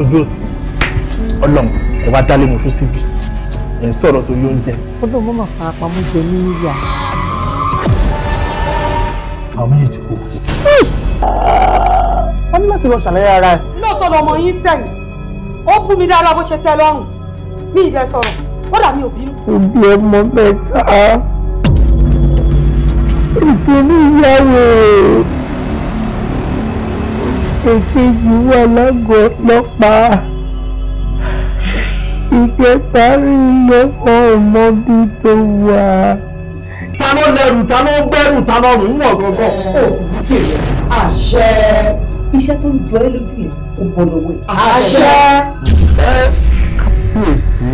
ojú òtí ọlọ́run ẹ wá dálé mọṣú síbi ẹ ń sọ̀rọ̀ tó yóò ń jẹ. ọdún mọ́mọ́ farapamọ́ jẹ ní yíyá. àwọn méjì ti kú. wọ́n ní láti lọ ṣàlàyé ara ẹ̀. lóòótọ́ lọmọ yín sẹ́yìn ó bú mi dáadáa bó ṣe tẹ́ lọ́rùn mi ì dẹ sọ̀rọ̀ kódà mi ò bínú. òbí ọmọ mẹ́ta ìbínú ìyá wò èkejì wà lágọ̀ọ́ ọlọ́pàá ìkẹta rí lọ́pọ̀ ọmọdé tó wà. ta ló lẹrù ta ló gbẹrù ta ló rùn wọ̀ gọ́gọ́. ó sì ní kèrè àṣẹ. iṣẹ́ tó ń jọ ẹ́ lójú yẹn ó bọ̀ lọ́wọ́ ẹ̀. àṣẹ. kábíyèsí.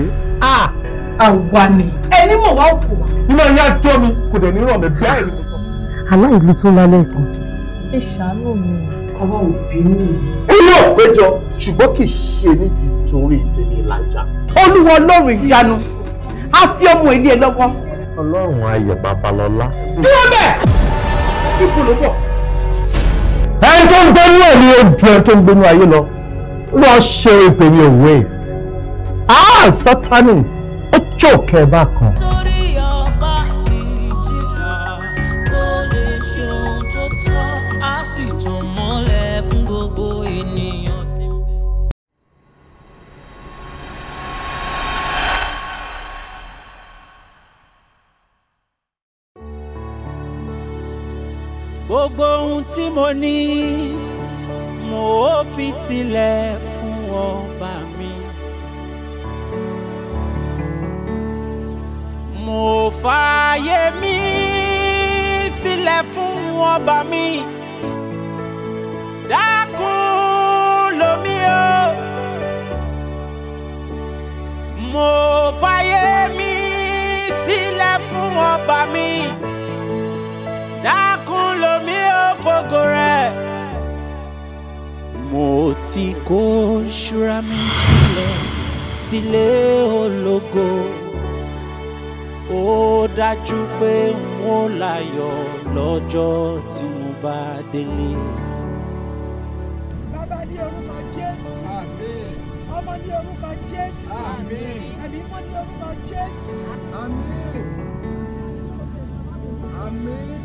àwa ni. ẹni mọ̀ wá òkú wa. iná yá jọ mi kò dẹ̀ ní ràn mí bẹ́ẹ̀ ni aláìlú tó lálẹ́ ìkànsí. ẹ ṣàánú mi ọlọ́run bínú. inú ọ̀pẹjọ ṣùgbọ́n kì í ṣe ní ti torí tèmi làjà. olúwa ọlọ́run ìyanu a fi ọmọ ilé ẹ lọ́wọ́. ọlọ́run ayọ̀ babalọ́lá. dúró bẹ́ẹ̀ kíkú ló bọ̀. ẹni tó ń gbénú ẹ̀ ni ó ju ẹni tó ń gbénú ayé lọ lọ ṣe ìpè ní òwe. àá sátánì ó jòkè bákan. gbogbo ohun tí mo ní mo ó fi sílẹ̀ fún ọba mi. mo fààyè mi sílẹ̀ fún ọba mi. dákun lomi o mo fààyè mi sílẹ̀ fún ọba mi. ti kó ṣúra mi sílẹ̀ sílé ológo ó dájú pé n ó láyọ̀ lọ́jọ́ tí mo bá délé. bàbá ní orúkọ jésù ọmọ ní orúkọ jésù ẹ̀mí mọ́ ní orúkọ jésù. àmín àmín.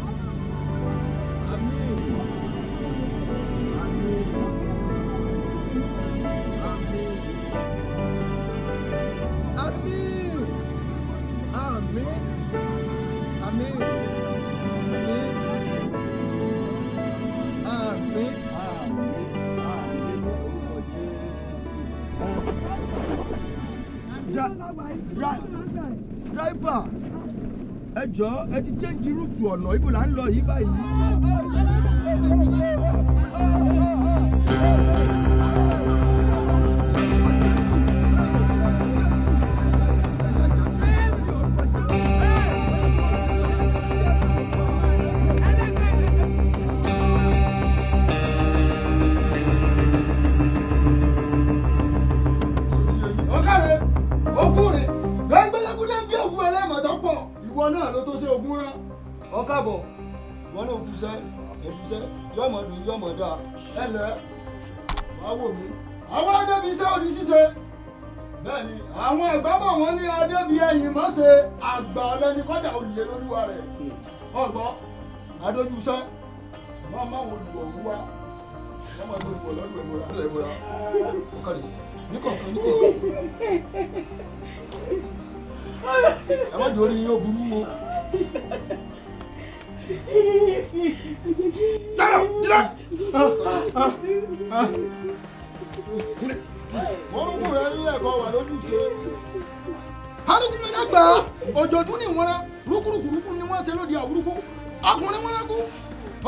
Amém. Amém. Amém. Amém. Amém. Driver, ẹ jọ̀ọ́ ẹ ti change route ọ̀nà ibo là ń lọ yìí báyìí. ìwọ náà ló tó ṣe ogún rán ọ káàbọ̀ ìwọ náà kú iṣẹ́ ẹ̀dùn iṣẹ́ yọmọ dùn yọmọ dáa ẹ lẹ wàá wò mí. àwọn adébí iṣẹ́ òdì ṣíṣe bẹ́ẹ̀ ni àwọn ìgbàgbọ́ wọn ní adébí ẹ̀yìn mọ́ ṣe àgbà ọlẹ́ni kọ́dà olùlé lóluwa rẹ̀ ọgbọ́n adójú iṣẹ́ máa máa wọ olùwọ̀ òun wá wọ́n máa lo olùwọ̀ lọ́dún ẹ̀mọ́ra lọ́dún ẹ̀mọ́ra ó kàrí níkọ̀ọ̀kan níkọ̀ọ̀kan ẹ má jòrí yín ó burú o. Dáná! Dídá! Mọ̀rúkú rẹ̀ nílẹ̀ wà lójúṣe. Arúgbìn mẹ́ta gbà á, òjòdú ni wọ́n rán, rúkúrúkúrúkú ni wọ́n ṣe lóde àwúrúkú. Ọkùnrin wọn ránkú,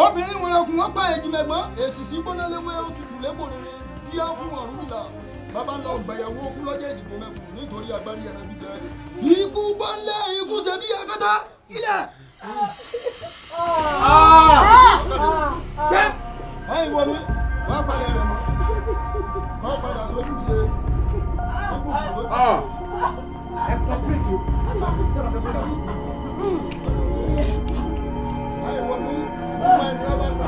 obìnrin wọn ránkú, wọ́n pa ẹ̀jìmẹ̀gbọ́n, èsì sí gbọ́nà léwé òtútù lébò rere, díá fún ọ̀rùn ìlà bàbá ńlá ọgbàyàwó okú lọ́jọ́ ìdìbò mẹ́kùn nítorí agbárí ẹran jíjẹ. ikú gbọ́nlé ikú ṣe akátá ilẹ̀. báyìí ah. wọ mi wà á palẹ̀ rẹ̀ mọ́ wà á padà sójú ṣe ikú kò ah. ẹ tọ́ péjì báyìí wọ mi wọ́n ẹni ọba gbà.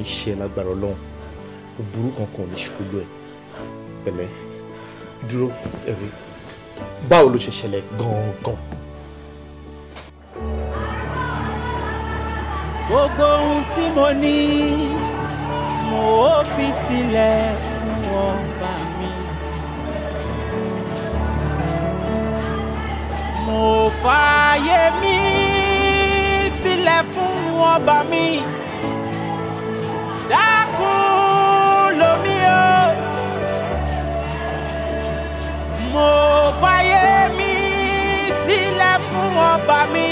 ní ṣe lágbára ọlọ́run ó burú kankan ní ṣubú ẹ pẹ̀lẹ́ dúró ẹ̀rí báwo ló ṣe ṣẹlẹ̀ gan gbogbo ohun tí mo ní mo ó fi sílẹ̀ fún ọba mi. mo fààyè mi sílẹ̀ fún ọba mi. mo fàyè mi sílẹ̀ fún ọba mi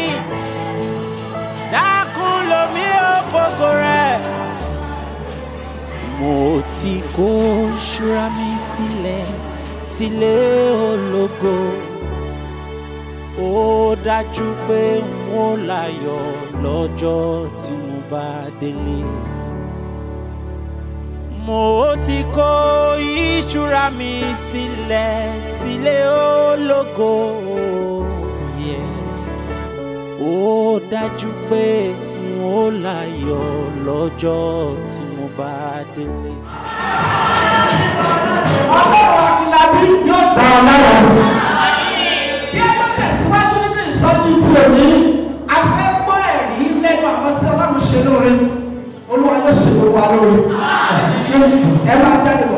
dákun lomi ó fògo rẹ̀. mo ti kó ṣúra mi sílẹ̀ sílé ológo ó dájú pé n ó láyọ̀ lọ́jọ́ tí mo bá délé mo ti kó ìṣúra mi sílẹ̀ sílé ológo yẹ ó dájú pé n ó láyọ̀ lọ́jọ́ tí mo bá délé. ọlọ́run akínlábí yóò gbà ọ́ lára kí ẹ tó tẹ̀síwájú nínú ìsọjí ti òní a fẹ́ gbọ́ ẹ̀rí lẹ́nu àwọn tí ọlọ́run ṣe lóore olúwa yóò ṣe gbogbo ẹ máa jáde bọ̀.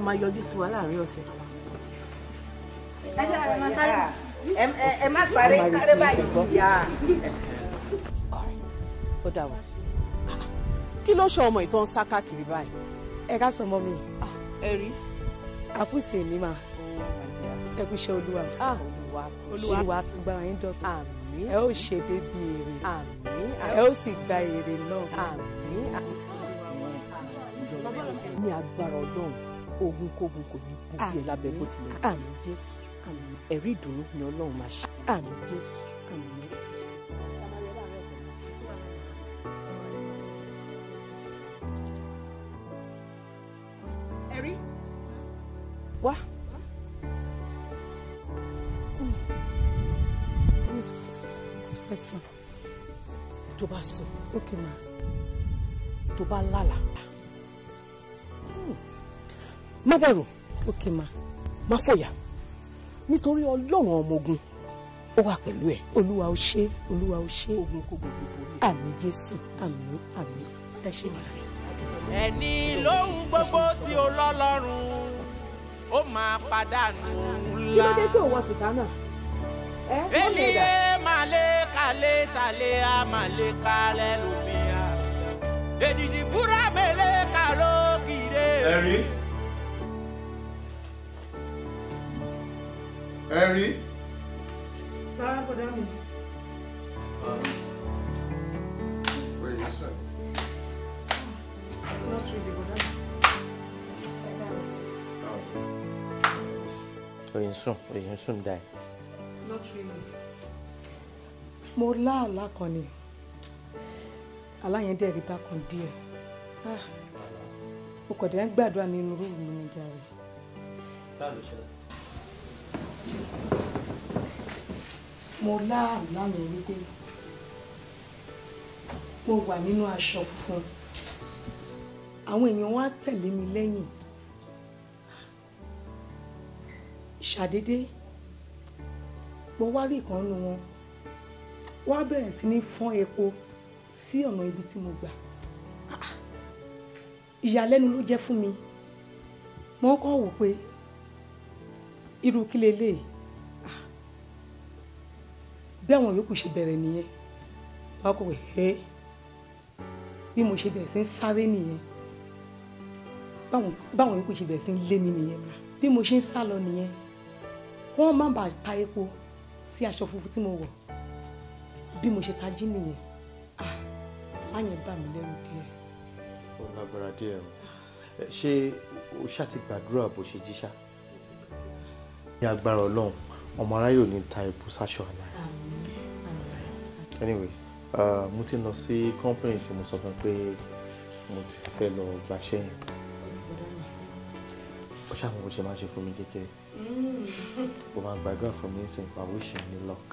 máa yọjú sí wa láàrin ọ̀sẹ̀. ẹ má sáré kárẹ́ báyìí yá. ó dà wọ kí ló ṣe ọmọ ìtàn sá káàkiri báyìí. ẹ ká sọ mọ mi. ẹ rí. àkùsè ní ma ẹ kú iṣẹ́ olúwa. olúwa olúwa gbàrà yín dọ̀sùn. ẹ ó ṣe débi èrè. ẹ ó sì gba èrè náà. ní agbára ọlọ́run ogunkógun kò ní bú yẹ lábẹ́ bó tilẹ̀ jẹ́ àmín jésù àmín ẹ̀rí ìdùnnú ni ọlọ́run máa ṣe àmín jésù àmín. ẹ̀rí wá. tó bá sùn tó bá lálàá má bẹ̀rù òkè má má fòyà nítorí ọlọ́run ọmọ ogun ó wà pẹ̀lú ẹ̀ olúwa ó ṣe olúwa ó ṣe ogun kò gbogbo àmín jésù àmín àmín ẹ ṣe má. ẹni lóhun gbogbo tí ó lọ́lọ́run ó máa pàdánù ńlá. kí ló dé tó wọ sùtánà. elie male kale sale amale kale lumia edidi búra mele kalo kire. ẹ̀rí. ẹ rí. sá bọ̀dá mi. wait a second. not really bọ̀dá mi. Oh. oyin sùn oyin sùn dá ẹ. not really. mo láàlá kan ni aláyẹ̀ndẹ̀ rí bákan díẹ̀ ah. mo kọ̀dẹ̀ ń gbàdúrà nínú rúùmù níjà rẹ̀ mo láàlá mi wípé mo wà nínú aṣọ funfun àwọn èèyàn wá tẹ̀lé mi lẹ́yìn ṣàdédé mo wá rí ìkan nu wọn wá bẹ̀rẹ̀ sí ní fọ́n epo sí ọ̀nà ibi tí mo gbà ìyàlẹ́nu ló jẹ́ fún mi mo kàn wò pé irú kí leléyìí ah. bí àwọn yòókù ṣe bẹ̀rẹ̀ nìyẹn wọ́n kò wẹ̀ ẹ́ bí mo ṣe bẹ̀rẹ̀ sí ń sáré nìyẹn báwọn yòókù ṣe bẹ̀rẹ̀ sí ń lé mi nìyẹn ah. bí mo ṣe ń sá lọ nìyẹn wọ́n má bàa ta epo sí aṣọ funfun tí mo wọ̀ bí mo ṣe tají nìyẹn ah. láyẹn bà mí lẹ́rù díẹ̀. ó lágbára díẹ̀ o ṣé o ṣáà bó ṣe jíṣà ní agbára ọlọ́run ọmọ aráyè ò ní ta ipò sáṣọ àná anyways uh, mo ti lọ sí company tí mo sọ fún pé mo ti fẹ́ lọ gbaṣẹ́ yẹn ó ṣàmùkù ṣe máa ṣe fún mi kékeré mo máa gbàdúrà fún mi nísìnyí pa wíṣì ní luck.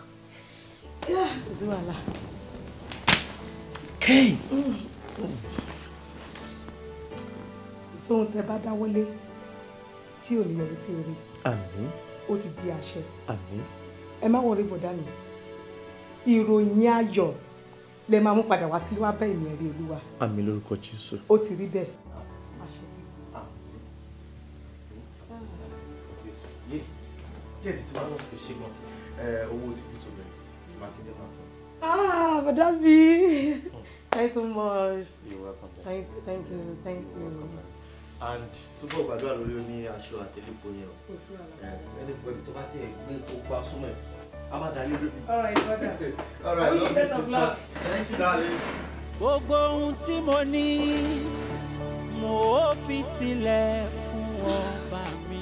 kò sí wàhálà. kéyìn. sóhun tẹ bá dáwọ́lé tí ò ní yọrí sí orí. àmín ó ti di àṣẹ. àmín. ẹ má wọlé bọ̀dá mi ìròyìn ayọ̀ lẹ máa mú padà wá sí wá bẹ́ẹ̀ ni ẹ̀rí olúwa. àmín lórúkọ jésù. ó ti rí bẹ́ẹ̀. ah bọ̀dá mi you hmm. so much. you're welcome. thanks thank you thank you and túbọ̀ gbàdúrà lórí ó ní aṣọ àtẹlẹ́pọ̀ yẹn o anybody tó bá ti ẹ̀ gbé tó gbá ẹ̀ á má dá lórí bí. all right brother all right love thank you darling. gbogbo ohun tí mo ní mo ó fi sílẹ̀ fún ọba mi.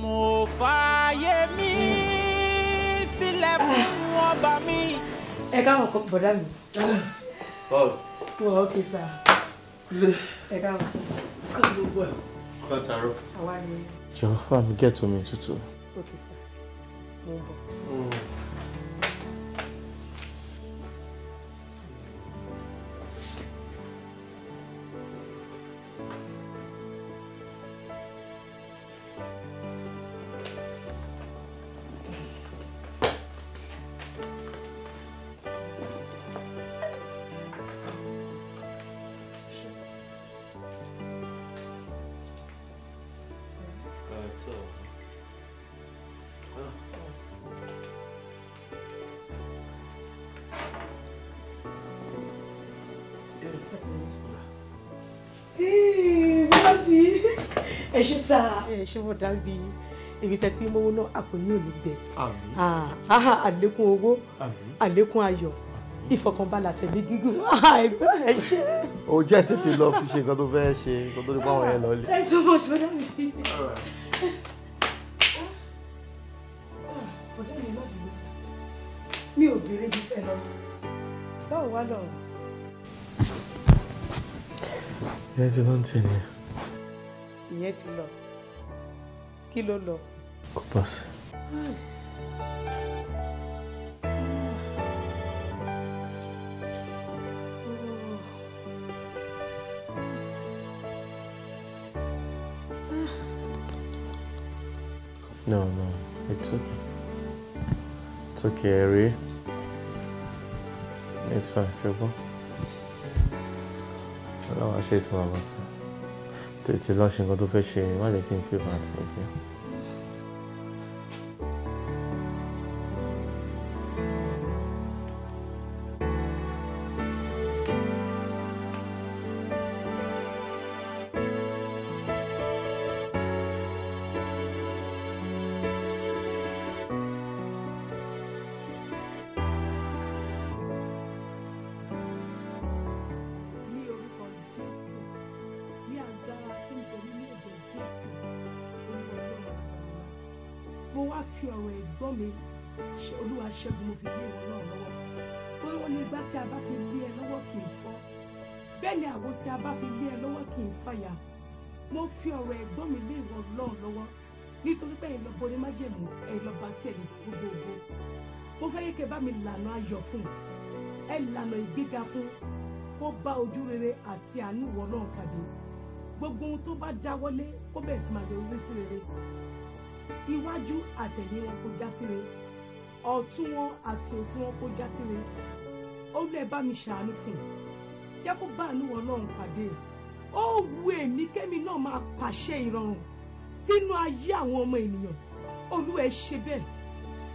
mo fààyè mi sílẹ̀ fún ọba mi. ẹ káwọn bọ̀dá mi. bọ́ọ̀lù wọ́n ok sir. lè ẹ káàbọ̀ sọ. láti gbogbo ẹ̀. kọ́ tààrọ̀. àwa ni. jọ̀wọ́ bá mi gẹ̀ẹ́tọ̀ mi tútù. ok sir mo ń bọ̀. Mm. ẹ ṣé wọ́n dábì ibi tẹ́tí mówó náà àpò yóò gbẹ àlékún owó àlékún ayọ̀ ìfọkànbalẹ̀ àtẹ̀mí gígùn àìbá ẹ ṣe. o jẹ́ títí lọ fi ṣe nǹkan tó fẹ́ ṣe nǹkan tó ní báwọn yẹn lọ lé. ẹ sọ fún ọṣọ dábì. ọ̀dọ́ mi má dùn sí mi ò béèrè ju tẹ̀ lọ báwo wá lọ. ìyẹn ti lọ ń tẹ̀ ìyẹn ti lọ kí ló lọ. kò bọ́ sí. No, no, it's okay. It's okay, Harry. It's fine, Trouble. I don't want to shit my myself tètè lọ ṣe nǹkan tó fẹ́ ṣe má jẹ́ mi lànà ayọ̀ fún ẹ lànà ìgbéga fún kó bá ojú rere àti àánú wọ náà kàdé gbogbo ohun tó bá dáwọ́lé kó bẹ̀rẹ̀ sí máa yọ orí sí rere iwájú àtẹ̀yìn wọn kó já sí rere ọ̀tún wọn àti òsì wọn kó já sí rere bá mi ṣàánú fún jẹ́ kó bá àánú wọ náà pàdé ó wu èmi kẹ́mi náà máa pàṣẹ ìrọ̀rùn sínú ayé àwọn ọmọ ènìyàn olú ṣe bẹ́ẹ̀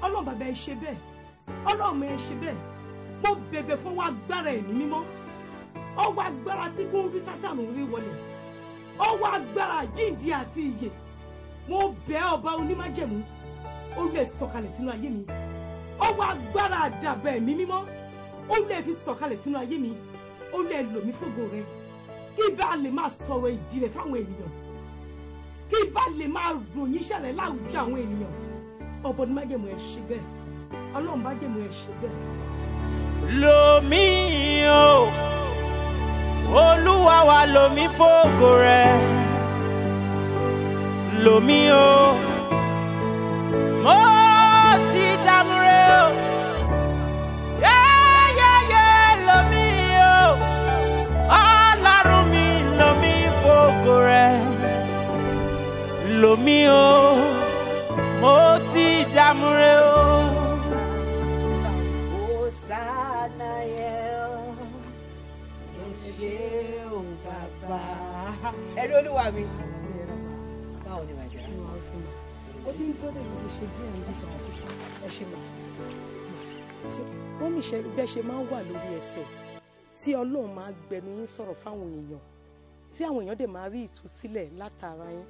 ọlọ́run ẹ ṣe bẹ́ẹ̀ ọlọ́run ẹ ṣe bẹ́ẹ̀ mo bẹ̀bẹ̀ fún wa agbára ẹ̀mí mímọ́ ọwọ́ agbára tí kò rí sátánù rí wọlé ọwọ́ agbára jíǹde àti ìyè mo bẹ̀ ọba onímájẹ̀mú ó lè sọ̀kalẹ̀ sínú ayé mi ọwọ́ agbára àdàbà ẹ̀mí mímọ́ ó lè fi sọ̀kalẹ̀ sínú ayé mi ó lè lò mí fògo rẹ kí bá a lè máa sọ̀rọ̀ ìdílé fáwọn ènìyàn kí bá a lè máa ròyìn ìṣẹ̀lẹ̀ láwùjọ àwọn ènìyàn ọba onímájẹ̀mú ṣe bẹ́ẹ̀ ọlọ́run bá jẹ̀mú ẹ̀ ṣe bẹ́ẹ̀. lomi o olúwa wa lomi fògo rẹ lomi o mo ti dààmú rẹ o yẹ́yẹ́yẹ́ lomi o ọlọ́run mi lomi fògo rẹ lomi o mo ti dààmú o. ẹ̀rí olúwa mi. báwo ni màá ó ti ń gbọ́dọ̀ láti ṣe bí àwọn ìgbà àtúnṣe ẹ ṣe mọ̀ wọ́n ní bẹ́ẹ̀ ṣe máa ń wà lórí ẹsẹ̀ tí ọlọ́run máa gbẹnu yín sọ̀rọ̀ fáwọn èèyàn tí àwọn èèyàn dẹ̀ máa rí ìtúsílẹ̀ látara yín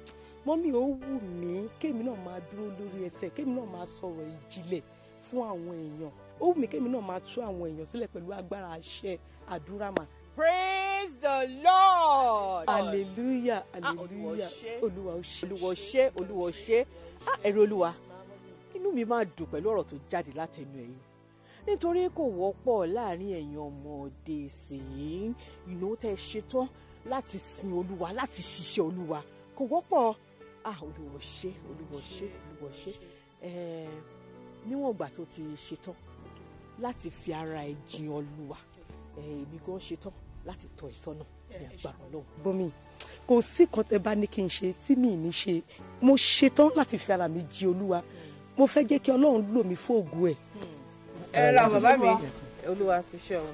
mọ́mí ó wù mí kémi náà máa dúró lórí ẹsẹ̀ kémi náà máa sọ̀rọ̀ ìjìnlẹ̀ fún àwọn èèyàn ó wù mí kémi náà máa tú àwọn èèyàn sílẹ̀ pẹ̀lú agbára àṣẹ àdúrà mà. pray praise the lord. hallelujah ah, hallelujah olúwa ó ṣe olúwa ó ṣe olúwa ó ṣe ah, ẹ̀rọ olúwa inú mi máa dùn pẹ̀lú ọ̀rọ̀ tó jáde látẹnu ẹ̀yin nítorí kò wọ́pọ̀ láàrin ẹ̀yin ọmọdé sìn ìnáwó tẹ́ ẹ ṣetán láti sin olúwa láti ṣiṣẹ́ olúwa kò wọ́pọ̀ ah, olúwa ṣe olúwa ṣe olúwa ṣe níwọ̀n ìgbà tó ti ṣetán láti fi ara ẹ̀ jìn olúwa èmi gan ṣetán láti tọ́ ẹ sọ́nà ní bomi kò sí kan tẹ bá ní kí n ṣe tí mi ní ṣe mo ṣetán láti fi ara mi jí olúwa mo fẹ́ jẹ́ kí Ọlọ́run lò mí fún ògùn ẹ̀. ẹ ra bàbá mi olúwa fi ṣe ọ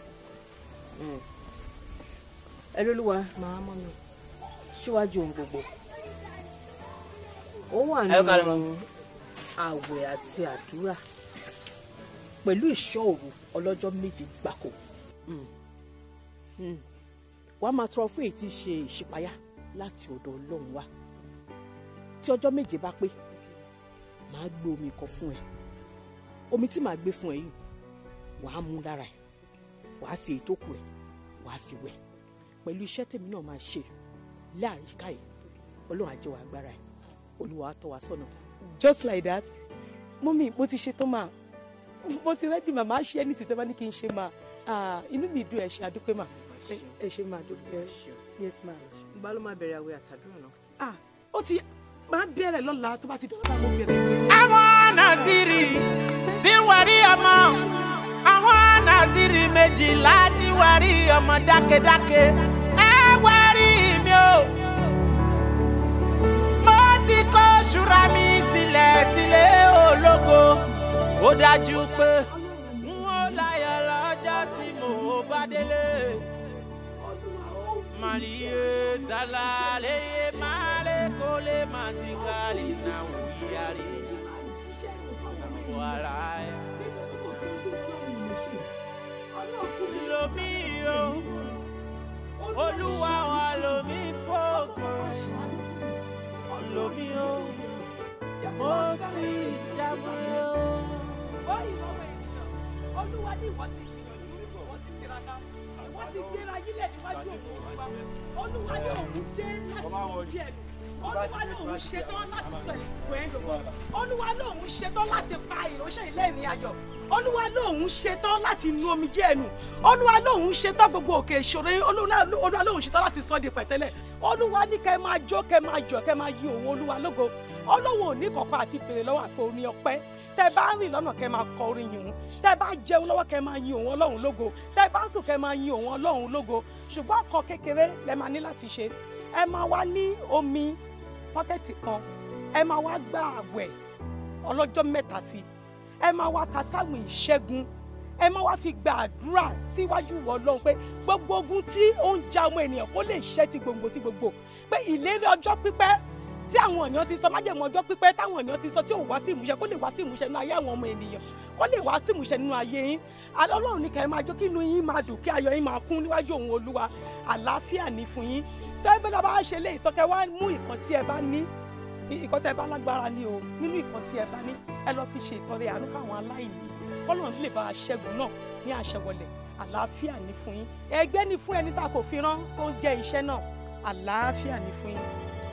ẹ lóluwa màá mọ mi síwájú ohun gbogbo ó wà nínú àwẹ̀ àti àdúrà pẹ̀lú ìṣọ́ òru ọlọ́jọ́ méje gbáko. Mm. Hmm. wàá máa tọrọ fún èyí tí í ṣe ìṣípayá láti ọ̀dọ̀ ọlọ́run wa tí ọjọ́ méje bá pé màá gbé omi kan fún ẹ omi tí màá gbé fún ẹ yìí wàá mú lára ẹ wàá fi èyí tó kù ẹ wàá fi wẹ̀ pẹ̀lú iṣẹ́ tèmi náà máa ṣe láàrin káyìí ọlọ́run á jẹ́ agbára ẹ olúwa á tọ́ wa sọ́nà just like that mọ́mí mo ti ṣetán máa mo ti rẹ́dí màmá ṣe ẹni tí tẹ́ bá ní kí n ṣe máa ah, inú mi dùn ẹ̀ ṣe àdúpẹ́ máa ẹ ṣe máa dúpẹ́ yes ma. ìgbà ló máa bẹ̀rẹ̀ àwẹ̀ àtàdúrà náà. ah ó ti máa bẹ̀rẹ̀ lọ́la tó bá ti dọ̀la mo bẹ̀rẹ̀. àwọn nàzírí tí wàrí ọmọ àwọn nàzírí méjìlá tí wàrí ọmọ dákedáke ẹ wárí mi o mo ti kó ṣúra mi sílẹ̀ sílẹ̀ ológo ó dájú pé n ó láyọ̀ lọ́jọ́ tí mo bá délé malie zala le ye male kole mazingali na uyali walaya lomi yo Olúwa wa lomi fọgbọ́n lomi yo mo ti dàgbà yo. Olúwa ni wọ́n ti àti gbéra yílẹ̀ níwájú òun olúwa ní òun dé láti mú bí ẹnu olúwa ní òun ṣetán láti sọ ìgbò ẹ̀ lògbò olúwa ní òun ṣetán láti pa ìránṣẹ́ ìlẹ́rìn ayọ̀ olúwa ní òun ṣetán láti nu omijé ẹnu olúwa ní ṣetán gbogbo òkè ìṣòro olúwa ní ṣetán láti sọ di pẹ̀tẹ́lẹ̀ olúwa ní kẹ́ máa jó kẹ́ máa jọ̀ kẹ́ máa yí òun olúwa lógo ọlọ́wọ́ òní kọ̀ọ̀kan àti ìbèrè lọ́wọ́ àti orin ọpẹ́ tẹ bá rìn lọ́nà kẹ máa kọ orin yìí tẹ bá jẹun lọ́wọ́ kẹ máa yin òun ọlọ́run lógo tẹ bá sùn kẹ máa yin òun ọlọ́run lógo ṣùgbọ́n ọkàn kékeré lẹ máa ní láti ṣe ẹ máa wá ní omi pọ́kẹ́tì kan ẹ máa wá gba àwẹ̀ ọlọ́jọ́ mẹ́ta sí ẹ máa wá ta sáwọn ìṣẹ́gun ẹ má wá fi gba àdúrà síwájú wọ lọ́hùn pé gbogbo ogun tí ó ń ja ọmọ ènìyàn kó lè ṣẹ́ ti gbòǹgbò ti gbogbo pé ìlérí ọjọ́ pípẹ́ tí àwọn ènìyàn ti sọ májèmọ́ ọjọ́ pípẹ́ táwọn ènìyàn ti sọ tí ò wá sí ìmúṣẹ kó lè wá sí ìmúṣẹ nínú ayé àwọn ọmọ ènìyàn kó lè wá sí ìmúṣẹ nínú ayé yín Ọlọ́run ní kẹ́ máa jó kí inú yín máa dùn kí ayọ̀ yín máa kún níwájú òun Olúwa àlàáfíà ní fún yín tẹ́ bẹ́ẹ̀ bá ṣe lè tọ́kẹ́ wá mú ìkan tí ẹ bá ní ìkan tẹ́ bá lágbára ni o nínú ìkan tí ẹ bá ní ẹ lọ fi ṣe ìtọrẹ àánú fáwọn aláìní kọ́lọ́run lè bá a náà ní àṣẹwọlẹ̀ àlàáfíà ní fún yín ẹgbẹ́ ní fún ẹni tá a kò fi rán tó ń jẹ iṣẹ́ náà àlàáfíà ní fún yín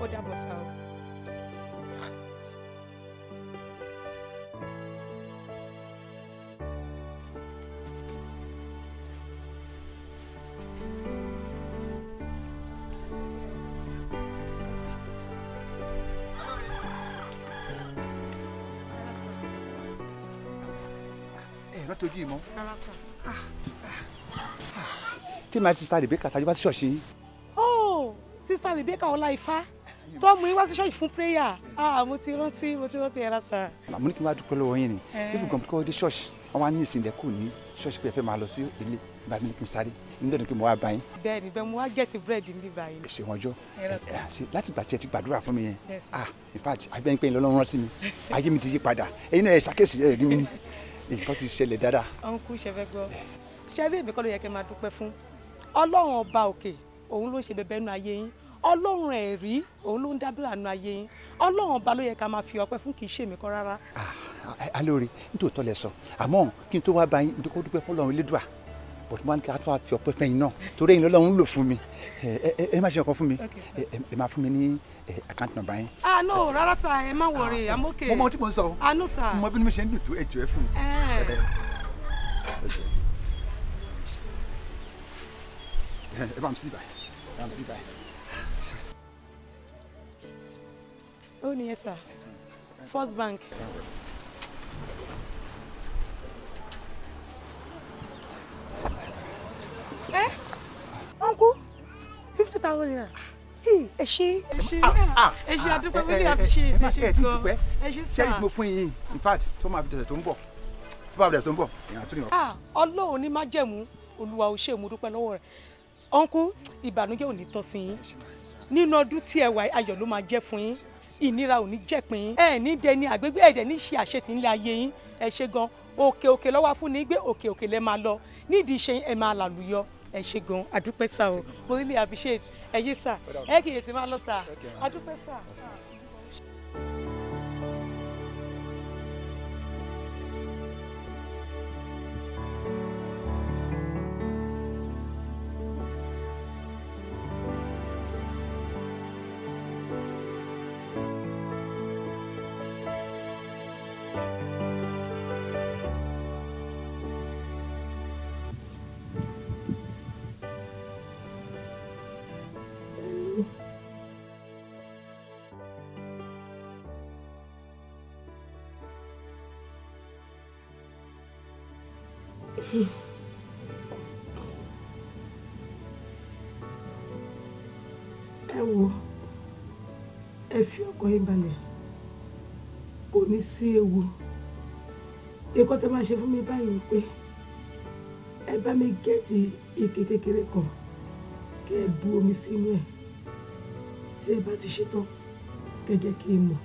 ó dàbọ̀ sáà. Eh, tójú ìmọ̀. tí màá sista Rebecca tajú bá ti ṣọ̀ṣì yín. oh sista Rebecca Ọláìfá tọ́mù yín wá sí ṣọ́ọ̀ṣì fún prayer ah mo ti rántí mo ti rántí ẹ̀rá sà. àmọ́ ní kí n wá dúpẹ́ lọ́wọ́ yín ni if you complete all the church wọ́n wá ní ìsìnlẹ̀ kù ní ṣọ́ọ̀ṣì pé ẹ fẹ́ máa lọ sí ilé bàbá mi ní kí n sáré nílò ní kí mo wá bá yín. bẹ́ẹ̀ni bẹ́ẹ̀ mo wá gẹẹti búrẹ́dì ní báyìí. ẹ ṣe wọn jọ láti gbàtí ẹ ti gbàdúrà fún mi yẹn ah in fact abẹ́yẹn pé Ọlọ́run rán sí mi ayé mi ti yí padà ẹ̀yin náà ẹ ṣàkíyèsí ẹ rí mi nǹkan ti ṣẹlẹ̀ dáadáa. ọ̀nkú ṣẹfẹ́ gbọ́ ṣe rí èmi kọ́ ló yẹ kí n máa dúpẹ́ fún Ọlọ́run ọba òkè òun ló ṣe bẹbẹ́ nú ayé yín Ọlọ́run ẹ̀rí òun ló ń dábìlà nú ayé yín Ọlọ́run ọba ló yẹ ká máa fi ọpẹ́ fún kì í ṣèmi kọ́ rárá. alóore ah, nítòótọ́ lẹ sọ àmọ́ kí n tó wá bá yín dúpẹ́ fọlọ́run elédùà but mo ní kí atúwà fi ọpẹ́ fẹ́yìn náà torí ẹ̀yin lọ́lọ́run lò fún mi ẹ má ṣe ọkọ fún mi ẹ má fún mi ní account number yẹn. ah no rárá sá ẹ má wọrí ah, i'm okay. mo mọ ohun tí mo ń sọ o. àánú ah, sá. mo bí mo ṣe ń dùn tó ẹ jù ẹ fún mi. Eh. Eh, ẹ bá mi sí ibà ẹ bá mi sí ibà. ó ní ẹ sá first bank. Yeah. ẹ eh? ọ̀nkú fifty thousand naira ẹ ṣe ẹ ṣe ah, ah. ẹ ṣe adúpẹ́ wọlé àfiṣe ìfẹsẹ̀ gan ẹ ṣe sá. sẹ́yìn mo fún yín in fact tó máa fi dọ̀sẹ̀ tó ń bọ̀ tó máa fi dọ̀sẹ̀ tó ń bọ̀ èèyàn àtúnyọ̀. Ah, ọlọ́run ní májẹ̀mú olúwa ò ṣe ìmúdúpẹ́ lọ́wọ́ rẹ̀ ọ̀nkú ìbànújẹ́ ò ní tọ́ sí yín nínú ọdún tí ẹ wà ayọ̀ ló máa jẹ́ fún yín ìnira ò ní jẹ̀pín ẹ ní dẹni àgbégbé ẹ̀dẹ̀ ní ṣe àṣetì ńlẹ̀ ayé yín ẹ ṣe gan òkè òkè lọ́wọ́ fún ní gbé òkè òkè lẹ́ máa lọ nídìí ṣe ẹ máa làlùyọ ẹ ṣe gan adúpẹ́ sá o mo nílé àbíṣe ẹyẹ sá ẹ kìí ṣe máa lọ sá adúpẹ́ sá. ẹ wo ẹ fi ọkọ yín balẹ̀ kò ní sí ewu ẹ̀kọ́ tẹ́ máa ṣe fún mi báyìí pé ẹ bá mi gẹ̀ẹ́tì ike kékeré kan kẹ́ ẹ bu omi sínú ẹ̀ tí ẹ bá ti ṣetán kẹ́ jẹ́ kí n mọ̀.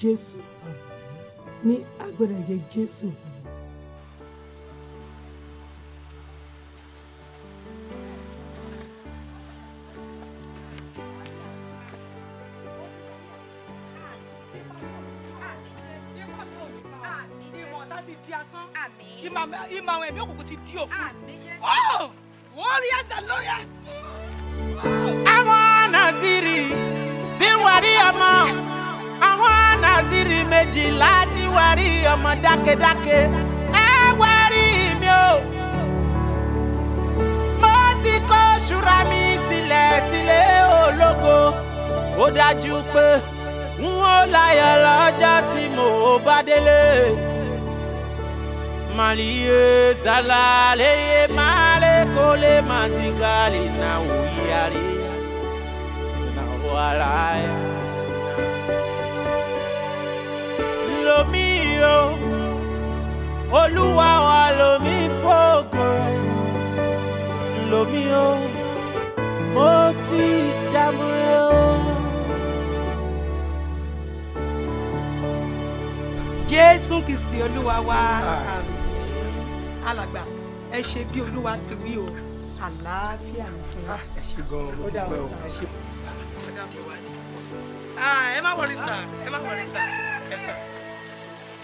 Jésù ní agbára ẹ̀jẹ̀ Jésù. ìmọ̀ àwọn ẹ̀mí òkùnkùn ti di òfin. Oh! Warriors and lawyers. Àwọn ọ̀nà ti rí tí wàá rí ọmọ méjìlá ti wá rí ọmọ dákedáke ẹ wá rí mi o. mo ti kó ṣúra mi sílẹ̀ sílé ológo ó dájú pé n ó láyọ̀ lọ́jọ́ tí mo bá délé. Maliye zalaleye male kole mazigali na uyari sina walaya. o olúwa wa lomi fògo lomi o mo ti dámúre o. jésù kìsì olúwa wa alàgbà ẹ ṣe bí olúwa ti wí o àlàáfíà nìkan. Ah, ẹ ṣe gan-an ah, ẹ má wọrí sá ẹ má wọrí sá ẹ sá.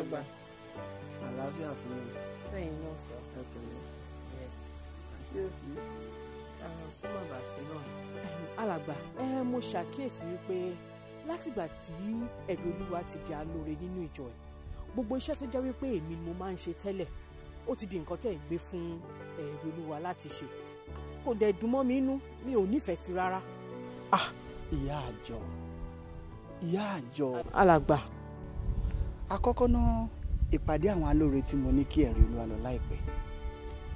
àgbà. àlàáfíà fún mi. bẹ́ẹ̀ náà sọ. ẹ pẹ̀lú. àkíyèsí kó má bàa sí náà. alàgbà mo ṣàkíyèsí wípé látìgbà tí ẹ̀dùn olúwa ti di alóore nínú ìjọ yìí gbogbo iṣẹ́ tó jẹ́ wípé èmi ni mo máa ń ṣe tẹ́lẹ̀ ó ti di nǹkan tẹ́ ẹ̀ gbé fún ẹ̀rù olúwa láti ṣe kò dẹ̀ dùn mọ́ mi inú mi ò nífẹ̀ẹ́ sí rárá. ah ìyá àjọ ìyá àjọ. alàgbà àkọ́kọ́ náà ìpàdé àwọn alóore tí mo ní kí ẹ̀rí olúwa lọ láìpẹ́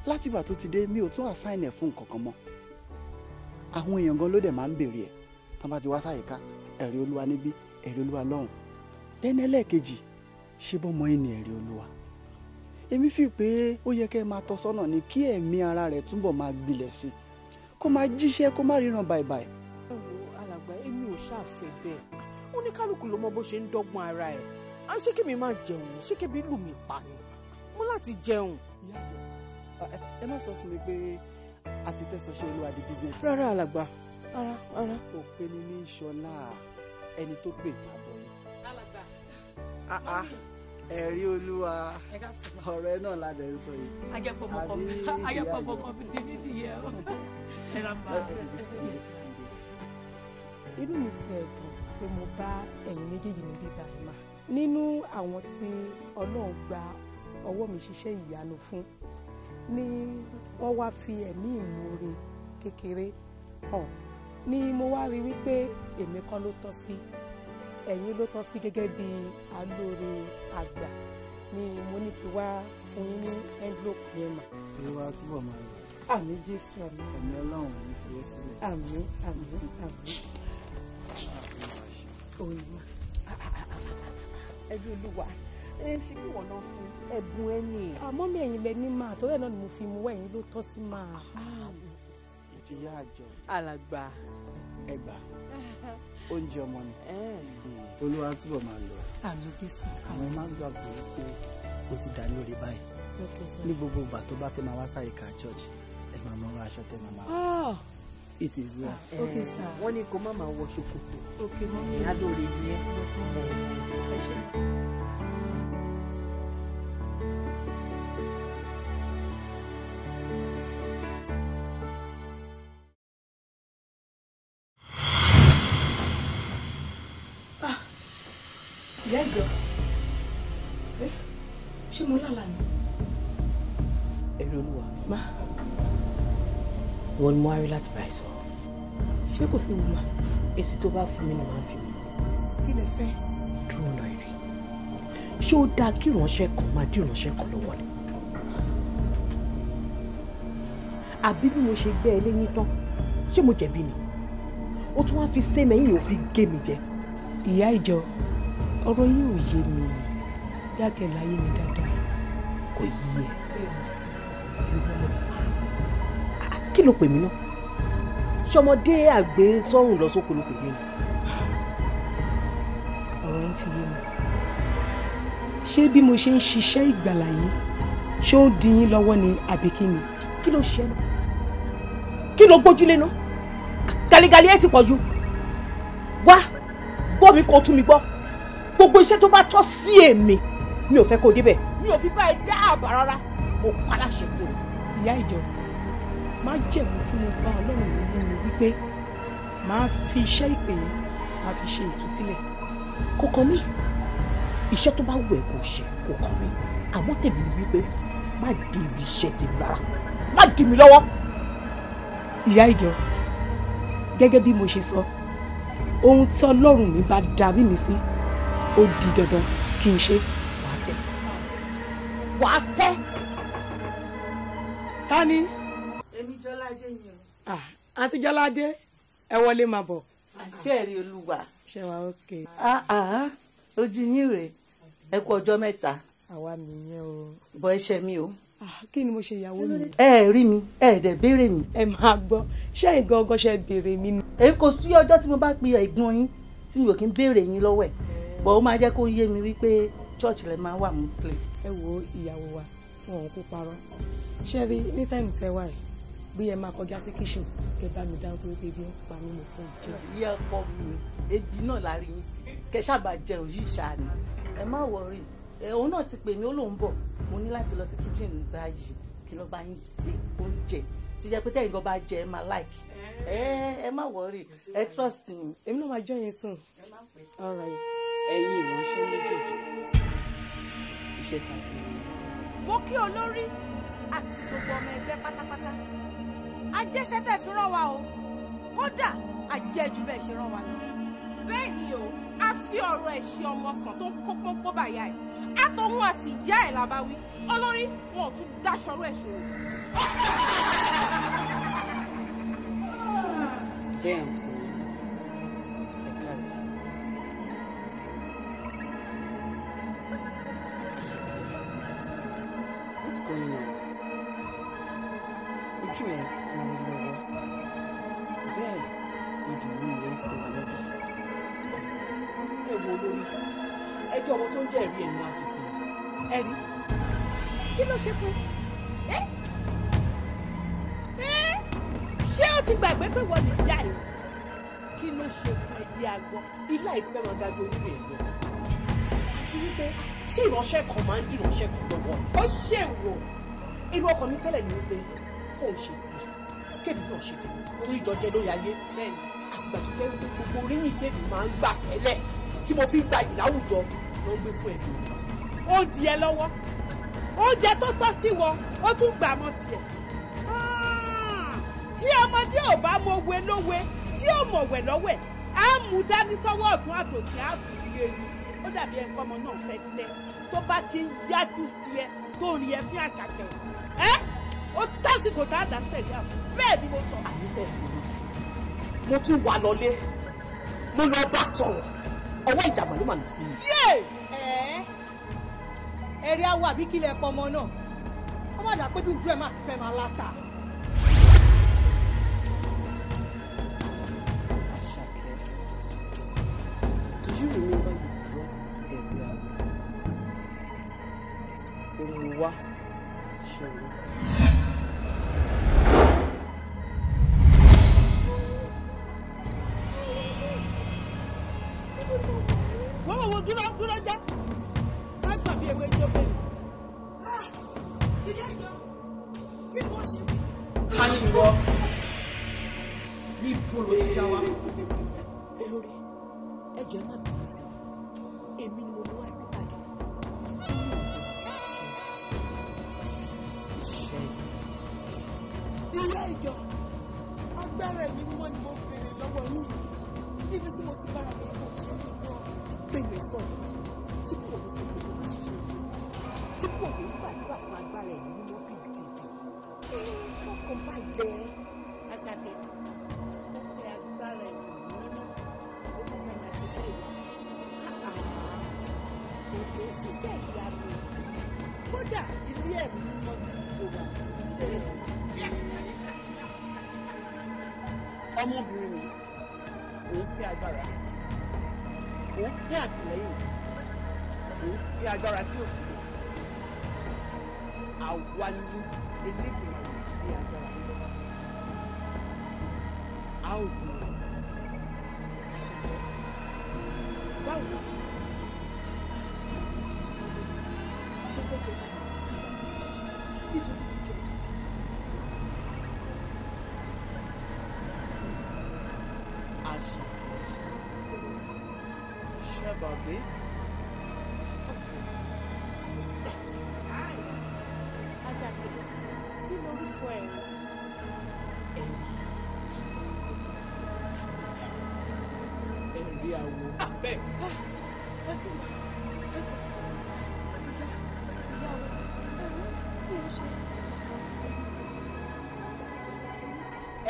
látìgbà tó ti dé mi ò tún àsáìnì ẹ̀ fún nǹkan kan mọ́ àwọn èèyàn gan ló dẹ̀ máa ń béèrè ẹ̀ tán bá ti wá sáyìíká ẹ̀rí olúwa níbí ẹ̀rí olúwa lọ́hùn dẹ́ni ẹlẹ́ẹ̀kejì ṣé bọ́mọ yìí ni ẹ̀rí olúwa èmi fi pé ó yẹ kẹ́ máa tọ́ sọ́nà ni kí ẹ̀mí ara rẹ̀ túbọ̀ máa gbilẹ̀ sí i kó máa jíṣẹ́ kó má ríran bàìbàì. ẹ wo alàgbà èmi ò ṣàfẹ́ bẹ́ẹ̀ oníkálukú ló mọ bó ṣe ń dọ́gbọ́n ara ẹ̀ a ṣé kèmi máa jẹun ni ṣé kèmi lù mí pa ni mo láti jẹun. ìyá àjọ ẹ má sọ fún mi pé a ti fẹ́ sọ ṣé olúwa di business. rárá alàgbà rárá rárá. òpin ni ní ìṣọlá ẹni tó pè ní àbọ̀ yìí. alàgbà. ẹ̀rí olúwa ọ̀rẹ́ náà ládẹ̀ ń sọ yìí. ajẹ́pọ̀mọ́ kan ajẹ́pọ̀mọ́ kan fi dín dídì yẹ ọ́ ẹ̀rọ máa. inú mi ti ẹ̀ dùn pé mo bá ẹ̀yin méjèèjì níbí báyìí nínú àwọn tí ọlọ́run gba ọwọ́ mi ṣiṣẹ́ ìyanu fún ni wọ́n wá fi ẹ̀mí ìmoore kékeré hàn ni mo wá rí wípé èmi kọ́ ló tọ́ sí ẹ̀yin ló tọ́ sí gẹ́gẹ́ bí alóore àgbà ni mo ní kí wá fún yín ní envelope yẹn mà. ṣé wàá túbọ̀ máa lọ. àmín jésù àmín. ẹ̀mí ọlọ́run ò ní fi ẹ́ sílẹ̀. àmín àmín àmín. àmín wàá ẹbí olúwa ẹ ṣe kí wọn lọ fún ẹbùn ẹni. àmọ́ ah, mi ẹ̀yìn lẹ máa torí ẹ̀ náà ni mo fi mú ẹ̀yìn ló tọ́ sí máa. Ah, ìjìyà àjọ. alàgbà. ẹgbà oúnjẹ ọmọ ni. olúwa túbọ̀ máa lọ. àmì jésù. àwọn máa ń gbàgbọ́ pé o ti dá lórí báyìí ní gbogbo ìgbà tó bá fẹ́ máa wá sáyé ká church ẹ máa mọ aṣọ tẹ máa máa. It is, yeah. Ah, okay, eh, sir. Wọ́n ní kó má máa wọ ṣòkòtò. Okay, mọ́mí. Ìyá lóore ni ẹ. Ẹ ni ìwọ ni mo wá rí láti bá ẹ sọ. ṣé kò sí wàhálà èsì tó bá fún mi ni màá fi mú. kí lè fẹ́. dúró lọ èrè ṣé ó dáa kí ìránṣẹ́ kan máa dí ìránṣẹ́ kan lọ́wọ́ ni. àbí bí mo ṣe gbé ẹ léyìn tán ṣé mo jẹ̀bi ni ó tún wá fi sẹ́mẹ̀yìn ò fi gé mi jẹ. ìyá ìjọ ọ̀rọ̀ yìí ò yé mi yàgẹ̀ láyé mi dáadáa kò yí ẹ ló pè mí náà ṣọmọdé àgbẹ̀ sọ́run lọ sóko ló pè mí ni. ọ̀rọ̀ yín ti yé mi ṣé bí mo ṣe ń ṣiṣẹ́ ìgbàlà yìí ṣé ó ń di yín lọ́wọ́ ni àbí kí ni. kí ló ṣe náà kí ló gbójúlé náà galigali ẹ ti pọ̀ jù wá gbọ́ mi kó tún mi gbọ́ gbogbo iṣẹ́ tó bá tọ́ sí èmi mi ò fẹ́ kó débẹ̀ mi ò fi báyìí dá àbá rárá mo pa láṣẹ fún ọ. ìyá ìjọba májẹ̀mú tí mo bá ọlọ́run mi mú mi wípé màá fi iṣẹ́ ìpè yìí màá fi ṣe ìtúsílẹ̀. kò kàn mí iṣẹ́ tó bá wù ẹ́ kò ṣe kò kàn mí àmọ́ tèmi ni wípé má dé ibi iṣẹ́ tèmi rárá má dì mí lọ́wọ́. ìyá ìjọ gẹ́gẹ́ bí mo ṣe sọ ohun tí ọlọ́run mi bá darí mi sí ó di dandan kí n ṣe wàá tẹ́. wàá tẹ́. ta ni jáládé yẹn o. àǹtí jáládé ẹ wọlé máa bọ̀. àǹtí ẹ̀rí olúwa. ṣe wa ok. ojú yín rèé ẹ kú ọjọ́ mẹ́ta. àwa mi yẹn o. bọ ẹsẹ mi o. Ah, kí ni mo ṣe ìyàwó mi. ẹ rí mi ẹ dẹ̀ béèrè mi. ẹ máa gbọ́ ṣé nǹkan ọgọ́ ṣe béèrè mi. èyí kò sí ọjọ́ tí mo bá pe ẹ̀gbọ́n yín tí mi ò kí ń béèrè yín lọ́wọ́ ẹ̀ bọ̀ ó máa jẹ́ kó yé mi wípé church lè máa wà muslim. ẹ wo ìyàwó wa wọn ò kó parọ́ ṣé rí ní táìmù tẹ́ wá bí ẹ máa kọjá sí kíṣìn kẹ bá mi dáhùn torí pé ebi ń pa mí mo fún ìjẹ. ìyá ọkọ mi ebi náà la rí yín sí kẹ ṣàbà jẹ òyì ìṣàánú ẹ má wọrí òun náà ti pè mí ó lóun bọ̀ mo ní láti lọ sí kíṣìn báyìí kí lọ́ọ́ bá yín ṣe oúnjẹ ti jẹ pé tẹ́yìn gan bá jẹ ẹ máa like ẹ ẹ má wọrí ẹ trust me. èmi náà máa jọ yẹn sùn ẹ̀yin ìránṣẹ́ méjèèjì iṣẹ́ ti mo kí olórí àti gbogbo ọmọ ẹgbẹ́ pátápátá àjẹṣẹ́ tẹ̀ fi rán wa o kódà àjẹjù bẹ́ẹ̀ ṣe rán wa lọ. bẹ́ẹ̀ ni o a fi ọ̀rọ̀ ẹ̀ṣẹ̀ ọmọ sàn tó ń kó pọ́npọ́ bàyà ẹ̀ àtọ̀hún àti ìyá ẹ̀ làbá wí olórí wọn ò tún dáṣọrọ ẹ̀ṣọ́ o. What's going on? jù ẹ́ kò ní lọ́wọ́ bẹ́ẹ̀ ìdùnnú rẹ̀ ń fò lọ́wọ́. ewu olórí ẹjọ́ ọmọ tó ń jẹ́ ẹ̀rí ẹ̀ ni wọ́n á fi sùn ẹ̀rí kí ló ṣe fún ẹ́ ṣé o ti gbàgbé pé wọ́n lè yá ẹ̀ kí ló ṣe fún ẹ̀yẹ àgbọ̀ ilé àìtí fẹ́ máa dájú onílé ẹ̀gbọ́n àti wípé ṣé ìránṣẹ́ kan máa ń dìránṣẹ́ kan lọ́wọ́ ó ṣèwọ̀ èrò ọkàn mi tẹ́lẹ̀ ni wípé tẹ̀ ń ṣe tiẹ̀ kébì náà ṣe tèmi torí ìjọjẹ lórí ayé àtìgbà tó fẹ́ gbogbo oríyìn tèmi máa ń gbà tẹ́lẹ̀ tí mo fi ń gba ìláwùjọ ló ń gbé fún ẹ̀mí ó di ẹ lọ́wọ́ oúnjẹ tó tọ́ sí wọn ó tún gbà mọ́ tiẹ̀ ah! tí ọmọdé ò bá mọ òwe lówe tí ò mọ̀wẹ̀ lọ́wẹ̀ á mú dání sọ́wọ́ ọ̀tún àtòsí á fi yé ni e. ó dàbí ẹ̀kọ́ ọmọ náà fẹ́ tẹ́ tó bá ti ń yájú sí ẹ tó rí ẹ fún àṣàkẹ́ ẹ́ ó tásìkò tá a dá sẹ̀lẹ̀ àfọ̀ bẹ́ẹ̀ ni mo sọ. àyíṣẹ́ ìlú mo tún wà lọlé mo lọ bá sọ̀rọ̀ ọwọ́ ìjàmbá ló mà nà sí mi. yé ẹ eré awọ àbí kílẹ̀ ẹ̀pọ̀ ọmọ náà ó má pé dúdú ẹ̀ má ti fẹ́ máa láta. do you remember you brought ẹ̀rí awọ? Orí wa ṣe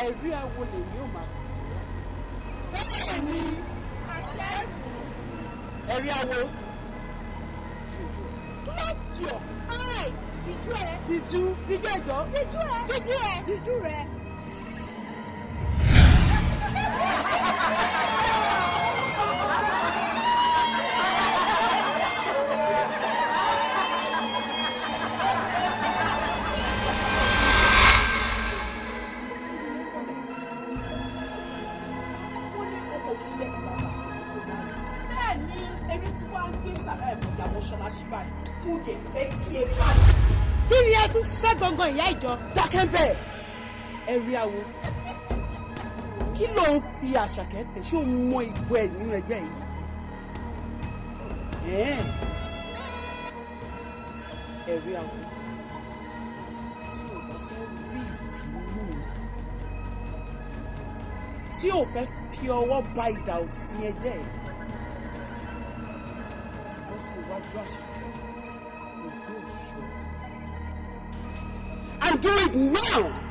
ẹ̀rí ẹ̀ wo lè ní òmà. bẹ́ẹ̀ ni àṣẹ. ẹ̀rí awo. close your eyes. dijú ẹ. dijú dijú ẹjọ. dijú ẹ. dijú ẹ. dijú rẹ. jẹ́ gangan ìyá ìjọ. dákẹ́ bẹ́ẹ̀ ẹ rí awo kí ló ń fi àṣàkẹ́ pè ṣé o mọ ipò ẹ̀ nínú ẹgbẹ́ yìí. ẹ rí awo tí o bá fẹ́ rí ìbínú tí o fẹ́ fi ọwọ́ ba ìdà òfin ẹgbẹ́ yìí wọ́n sì wájú àṣàkẹ́. do it now.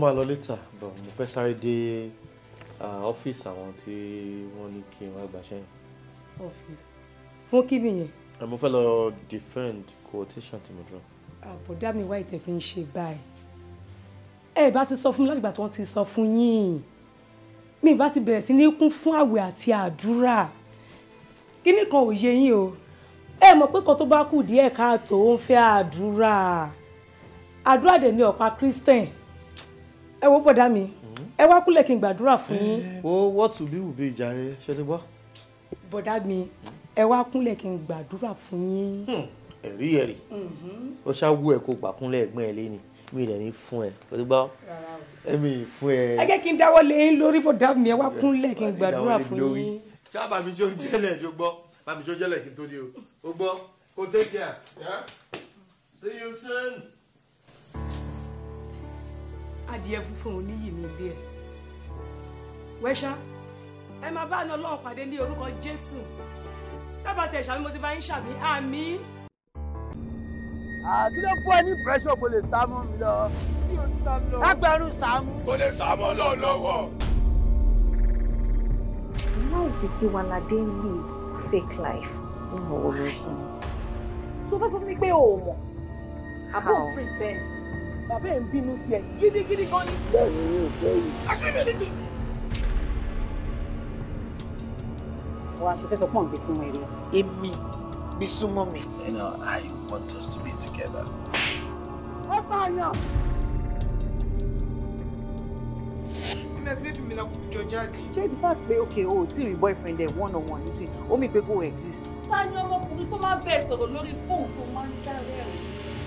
máa lọ létà bọ̀ mo fẹ́ sáré dé ọ́fíìsì àwọn tí wọ́n ní kí n wá gbàṣẹ́ yẹn. ọ́fíìsì fún kí mi yẹn. mo fẹ́ lọ defend quotation tí mo jọ. àbọ̀dá mi wá ìtẹ̀ fi ń ṣe báyìí ẹ bá ti sọ fún mi látìgbà tí wọ́n ti sọ fún yín mi bá ti bẹ̀rẹ̀ sí ní kún fún àwẹ̀ àti àdúrà kíní kan ò yé yín o ẹ mọ̀ pé kan tó bá kù díẹ̀ káàtó ó ń fẹ́ àdúrà àdúrà dẹ̀ ni ọ̀pá Christian ẹ wo bọ̀dá mi ẹ wá kúlẹ̀ kí n gbàdúrà fún yín. wo wọ́ọ̀tù bí wùbí ìjà rẹ ṣe ti gbọ́. bọ̀dá mi ẹ wá kúnlẹ̀ kí n gbàdúrà fún yín. Hmm, ẹ̀rí ẹ̀rí mhm. ó ṣáwó ẹ̀ kó gbà ẹ̀gbọ́n ẹ̀ lẹ́ni mi rẹ̀ ní fún ẹ ṣe ti gbọ́ ẹ̀mí fún ẹ. ẹ jẹ́ kí n dáwọ́ lé yín lórí bọ̀dá mi ẹ wá kúnlẹ̀ kí n gbàdúrà fún yín. sábà mi jó jẹ́lẹ̀ jó gbọ́ bàbá mi jó jẹ́lẹ̀ kí n tó o ó gbọ́ kó yeah? see you soon adìẹ funfun ò níyì ní ilé ẹ̀ wẹ́ṣá ẹ máa bá àna ọlọ́run pàdé ní orúkọ jésù tábàtì ẹ̀ṣà mi mo ti bá yín ṣàmì àmì. kí fún ẹ ní pressure kò lè sá mọ́ mi lọ lágbẹ̀rún sàmú. kò lè sá mọ́ lọ lọ́wọ́. láì títí wa la dé live fake life nínú owó ló fẹ́ sọ fún mi pé o ò mọ̀ àbọ̀ pretend bàbá ẹ̀ ń bínú sí ẹ gidigidi gan ni. bẹ́ẹ̀ni mi ò fẹ́ aṣọ ìbí ni wàá ṣe fẹ́ sọ pọ̀ ń gbé èmi gbé súnmọ́ mi. you know I want us to be together. ẹ pààyàn. mi la kùjọ jáde. ṣé ìdí fà pé ok o tí rí boyfriend ẹ one on one You see, mi pé kó exist. ta ọmọkùnrin tó máa bẹ̀ sọ̀rọ̀ lórí fóònù tó máa ń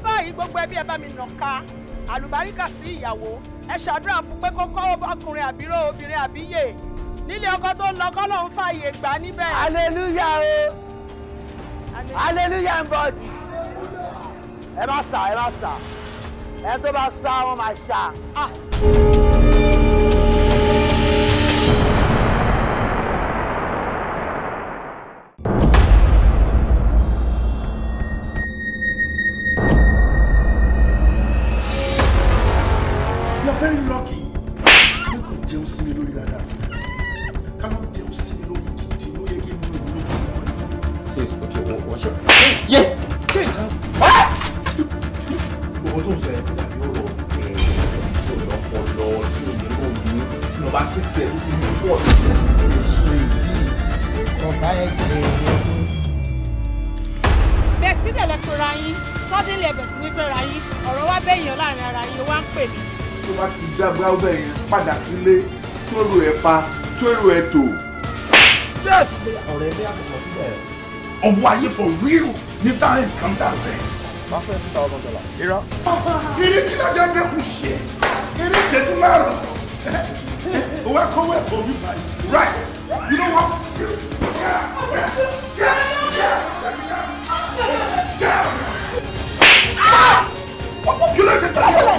ní báyìí gbogbo ẹbí ẹ bá mi nà ká àlùbáríkà sí ìyàwó ẹ ṣàdúrà fún pé kọ́kọ́ ọkùnrin àbírò obìnrin àbíyè nílé ọkọ tó ń lọ kọ́ lòún fààyè gbà níbẹ̀. aleluya o aleluya ń bọ̀ jù ẹ má sà ẹ má sà ẹ tó bá sá wọn máa ṣá. bẹ́ẹ̀ sílẹ̀ lẹ fi ra yín sọ́dínlẹ̀ ẹ̀bẹ̀ sí ní fẹ́ ra yín ọ̀rọ̀ wá bẹ́ẹ̀ yàn láàrin ara yín ló wá ń pè mí. tó bá ti dágbá ọbẹ̀ yẹn padà sílé tóru ẹ̀ pa tóru ẹ̀ tò. ọ̀rẹ́ bí àkọ́kọ́ sílẹ̀ ọ̀wọ́ ayé for real ní táyà nǹkan tá a fẹ́. má fẹ́ two thousand dollars. irọ́. eré kí lájà ń dẹ́kun ṣe eré ìṣẹ́jú márùn-ún owó akọ́wé ẹ̀kọ́ mi báyìí right you know what ṣé What àti ẹgbẹ́ rà ni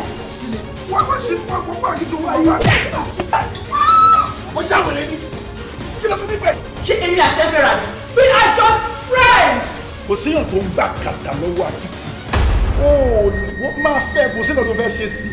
we are you friends. kò séèyàn tó ń gbà kàtà lọ́wọ́ àkìtì ó máa fẹ́ kò séèyàn tó fẹ́ ṣe sí i.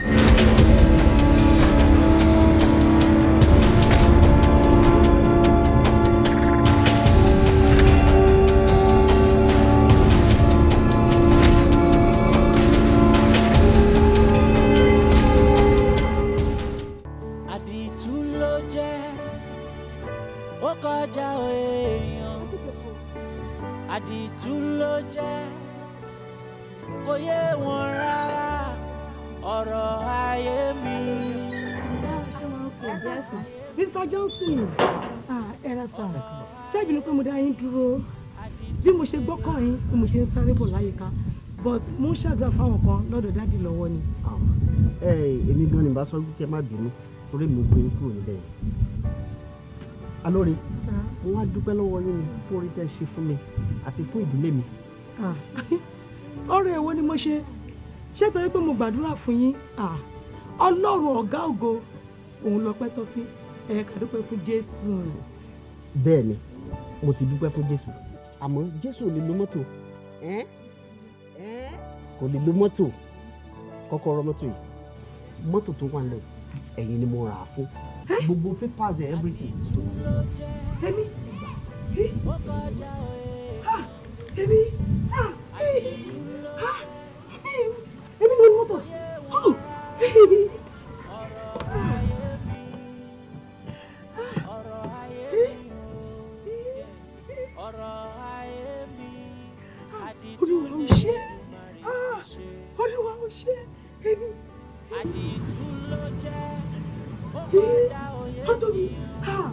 ṣàdúrà fáwọn kan lọ́dọ̀ dáàdì lọ́wọ́ ni. Ah, ẹ èmi gan ni bá sọ pé kẹ má bínú torí mi gbé kúrò níbẹ̀ yẹn. alóore mo wá dúpẹ́ lọ́wọ́ yín ni fún orí tẹ́ ṣe fún mi àti fún ìdílé mi. Ah, ọ̀rọ̀ èwo ni mo ṣe ṣé torí pé mo gbàdúrà fún yín ah, ọlọ́run ọ̀gá ògo òun lọ pẹ́ tọ́ sí ẹ ká dúpẹ́ fún jésù. bẹ́ẹ̀ ni mo ti dúpẹ́ fún jésù àmọ́ jésù ò lè lo mọ́tò. Eh? kò lè lo mọ́tò kọ́kọ́rọ́ mọ́tò yìí mọ́tò tó wà lẹ̀ ẹ̀yin ni mo rà á fún gbogbo papers and everything. Fẹ́mi Fẹ́mi Fẹ́mi ló ní mọ́tò Fẹ́mi. ṣe èmi. àdìtú ló jẹ́ ó kọjá òye ìyàn.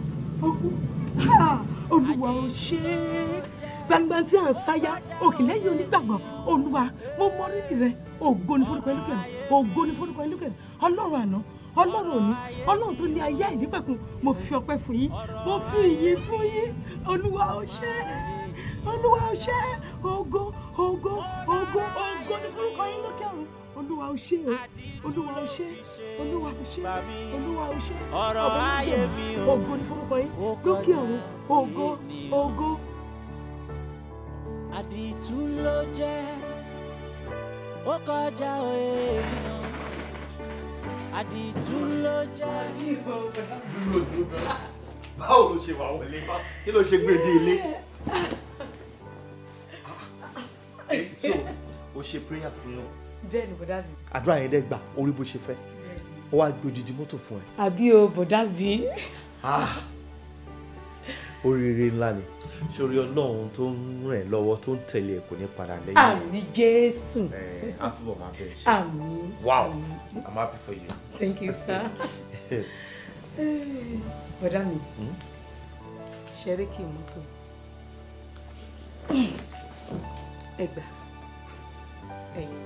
olúwa ò ṣe é gbangba tí à ń sáyà òkìlẹ́yìn onígbàgbọ́ olúwa mo mọ rírì rẹ ògo ni forúkọ ẹlẹ́kẹ̀rẹ́ ògo ni forúkọ ẹlẹ́kẹ̀rẹ́ ọlọ́run àná ọlọ́run òní ọlọ́run tó ní ayé àìdígbẹ̀kùn mo fi ọpẹ́ fún yín mo fi ìyìn fún yín olúwa ò ṣe é olúwa ò ṣe é ògo ògo ògo ògo ni forúkọ ẹlẹ́kẹ̀rẹ́ olúwa ó ṣe o olúwa ó ṣe olúwa ó ṣe olúwa ó ṣe ọba ló jẹ ògo ní forúkọ yín lókè ọ̀run ògo ògo. àdìtú jẹ́ ó kọjá èèyàn àdìtú jẹ́. báwo ló ṣe wà wọlé kí ló ṣe gbé dé so o ṣe prayer fún yàn bẹ́ẹ̀ ni bọ̀dá mi. àdúrà yẹn dẹ́ gbà orí bó ṣe fẹ́ ó wá gbòjìjì mọ́tò fún ẹ. àbí o bọ̀dá mi. oríire ah! ńlá ni sórí ọlọ́run tó ń ràn lọ́wọ́ tó ń tẹ̀lé ẹ̀ kò ní padà lẹ́yìn. àmì jésù. ẹ á túbọ̀ máa bẹ̀rẹ̀ sí. àmì. wow i'm happy for you. thank you sir. bọ̀dá mi hmm? ṣẹ́ríkì mọ́tò hmm. ẹgbà ẹ̀yìn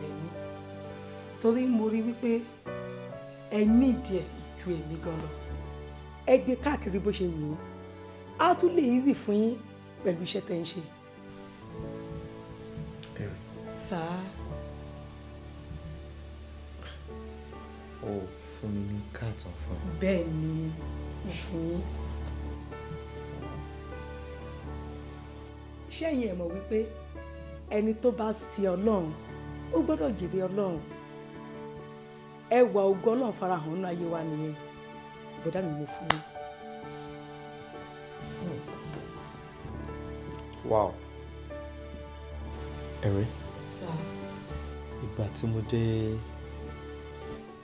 torí mo rí wípé ẹ ní ìdí ẹ ju èmi gan lọ ẹ gbé káàkiri bó ṣe wù yín á tún lè easy fún yín pẹ̀lú iṣẹ́ tẹ́ ń ṣe. sáà. o fún mi ní káàtàn fún mi. bẹ́ẹ̀ ni mo fún yín. ṣẹ́yìn ẹ̀ mọ̀ wípé ẹni tó bá sí ọlọ́run ó gbọ́dọ̀ jèrè ọlọ́run ẹwà ògo Ọlọ́run farahàn nínú ayé wa nìyẹn bọ̀dá mi mo fún mi. wow ẹ̀rẹ́ ìgbà tí mo dé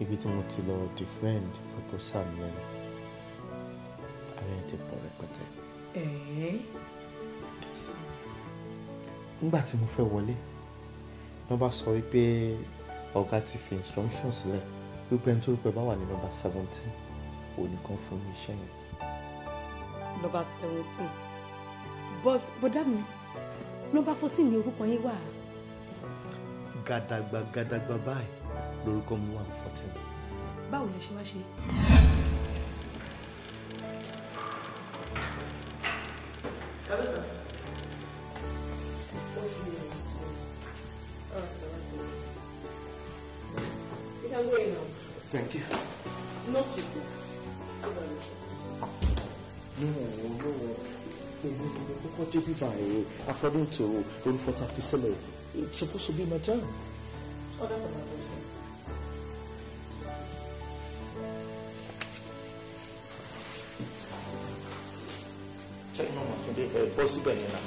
ibi tí mo ti lọ defend proposal mi lẹ́nu àwọn ti pọ̀ rẹpẹtẹ. nígbà tí mo fẹ́ wọlé wọ́n bá sọ wípé ọ̀gá ti fi instruction sílẹ̀. Si gbogbo ẹni tó rúkọ ẹ bá wà ní nọ́mbà seventeen òní kan fún mi iṣẹ́ yẹn. nọ́mbà seventeen but bọ́dá mi nọ́mbà fourteen ni orúkọ yín wà. gàdàgbà gàdàgbà báyìí lórúkọ mi wà ní fourteen. báwo lẹ ṣe wá ṣe. Hello, if according to Unfota Pisele, it's supposed to be my turn. Order for that Check mama today, possible enough.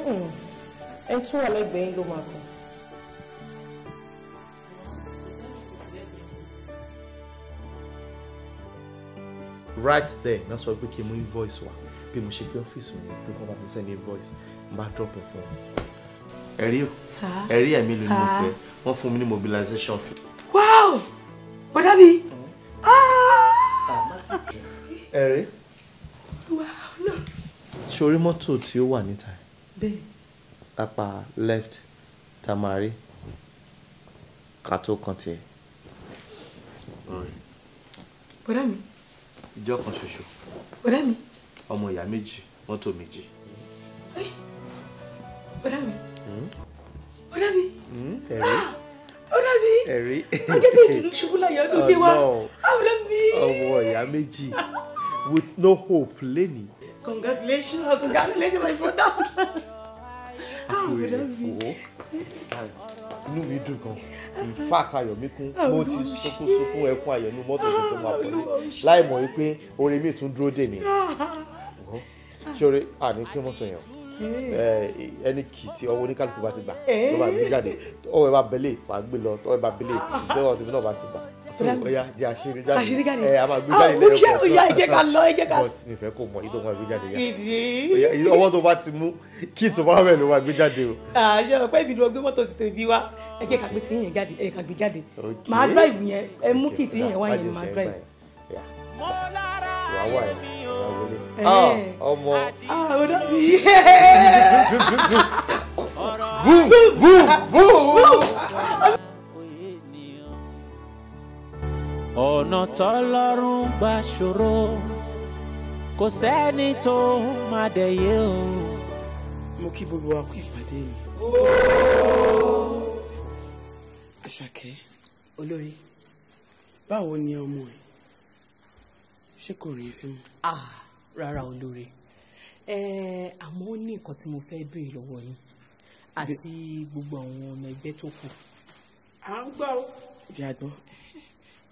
ẹ wà lẹ́gbẹ̀ẹ́ yín ló máa kàn. right there náà sọ pé kí n mú invoice wá bí mo ṣe gbé ọ́fíìsì mi pé kí wọ́n bá mi send invoice n bá drop ẹ̀ fún wọn. ẹ̀rí o ẹ̀rí ẹ̀mí ló ní mo fẹ́ wọ́n fún mi ní mobilization fee. wow bọ́dá mi. Ah! Ah, ẹ̀rí. wow no. ṣorí mọ́tò tí ó wà níta yìí lápá left tá a máa rí ká tó kan tiẹ̀. bọ́dá mi. ìjọ kan ṣoṣo. bọ́dá mi. ọmọ ìyá méjì mọ́tò méjì. bọ́dá mi. Hmm? bọ́dá hmm? ah, mi. ẹ̀rí. bọ́dá mi. ẹ̀rí. ọ̀gẹ́dẹ̀ ìdùnnú ṣubú láyọ̀ ọdún lé wa. Oh, ah, bọ́dá mi. ọmọ ìyá méjì with no hope lẹ́nìí. congratulations congratulations my brother. Ah, inú mi dùn gan ìfá àtayọ̀ mi kún ah, mo ti sunkún sunkún ẹkún ayọ̀ inú mọ́tò tó tó máa pọ̀ ní láì mọ̀ wípé orin mi tún dúró dè mí ah. ṣé orin àní kí mọ́tò yẹn ẹni kì í ti ọwọ́ oníkálukú bá ti gbà ló bá gbé eh. jáde ọwọ́ ẹ bá bẹ́lẹ̀ wàá gbé lọ ọwọ́ ẹ bá bẹ́lẹ̀ ìgbẹ́wọ̀ tèmi náà bá ti gbà so oya jẹ àṣírí jáde àṣírí jáde ẹ a máa gbé jáde ah, lẹ́yìn kọ̀ọ̀kan oya ẹ jẹ́ ká lọ ẹ jẹ́ ká. but mi fẹ́ kó mọ ìdó máa gbé jáde yá ìdí ọwọ́ tó bá ti mú kí tó bá wẹ̀ ló máa gbé jáde o. àṣẹ ah, ọpẹ ibi ni wọn gbé mọ́tò tètè bí wa ẹ jẹ́ ká gbé sí yẹn jáde ẹ ká gbé jáde máa drive yẹn ẹ mú kí tí yẹn wá yẹn máa drive. wàá wà ẹ wàá wọlé ah, ọmọ boom boom boom ọ̀nà tọ́lọ́run gbà ṣòro kò sẹ́ni tó má dẹ̀yẹ o. mo kí gbogbo wa kú ìpàdé yìí. àṣàkẹ́ olórí báwo ni ọmọ ẹ ṣé kò rí fún mi. ah rárá olórí ẹ àmọ́ ó ní nǹkan tí mo fẹ́ béèrè lọ́wọ́ yín àti gbogbo àwọn ọmọ ẹgbẹ́ tó kù. à ń gbọ́. ìjà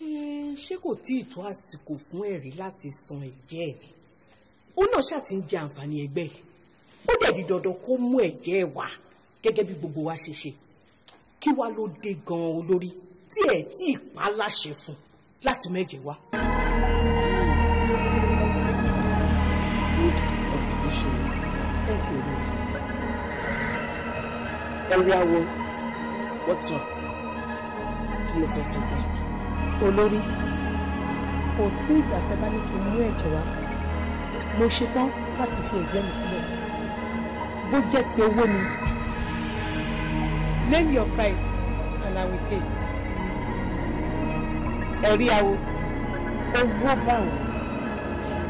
Hmm, ṣé kò tí ì tó àsìkò fún ẹ̀rí láti san ẹ̀jẹ̀ ẹ̀ ó náà ṣáà ti ń jẹ àǹfààní ẹgbẹ́ ẹ̀ ó dẹ̀ di dandan kó mú ẹ̀jẹ̀ ẹ̀ wá gẹ́gẹ́ bí gbogbo wa ṣe ṣe kí wá ló dé gan-an olórí tí ẹ̀ tí ì pa láṣẹ fún láti mẹ́jẹ̀ wá. good observation thank you olórí. ẹ̀rí awo what's up kí ló fẹ́ fẹ́ gbà olórí kò sí ìgbà tẹ́ bá ní kí n mú ẹ̀jẹ̀ wá mo ṣetán láti fi ẹ̀jẹ̀ mi sílẹ̀ bó jẹ́ ti owó ni name your price and I will pay. ẹ̀rí awo owó báwo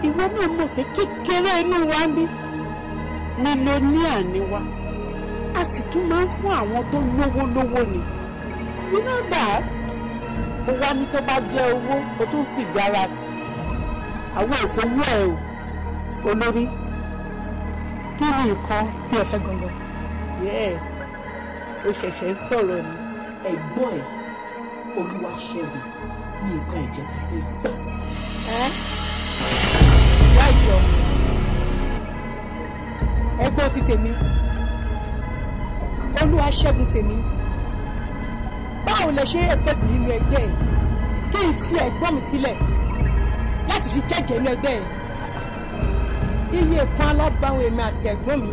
ìwọ náà mọ̀ pé kékeré inú wa ní mílíọ̀nìà ni wa a sì tún máa ń fún àwọn tó lówó lówó ni you know that mo wá ní tó bá jẹ́ owó o tún fi ìjára sí àwọn òfowó ẹ̀ o olórí kí ni nǹkan tí ẹ fẹ́ gangan. yes o ṣẹ̀ṣẹ̀ sọ̀rọ̀ ni ẹ̀gbọ́n ẹ̀ olúwa ṣẹlẹ̀ ní nǹkan ìjẹta ẹ̀ gbà. ẹ dájọ ẹgbẹ́ ti tèmi olúwa ṣẹ́gun tèmi báwo lẹ ṣe expect nínú ẹgbẹ́ ẹ̀ kí n fi ẹ̀gbọ́n mi sílẹ̀ láti fi jẹ́jẹ́ inú ẹgbẹ́ ẹ̀ iye kan alábàáwọn èmi àti ẹ̀gbọ́n mi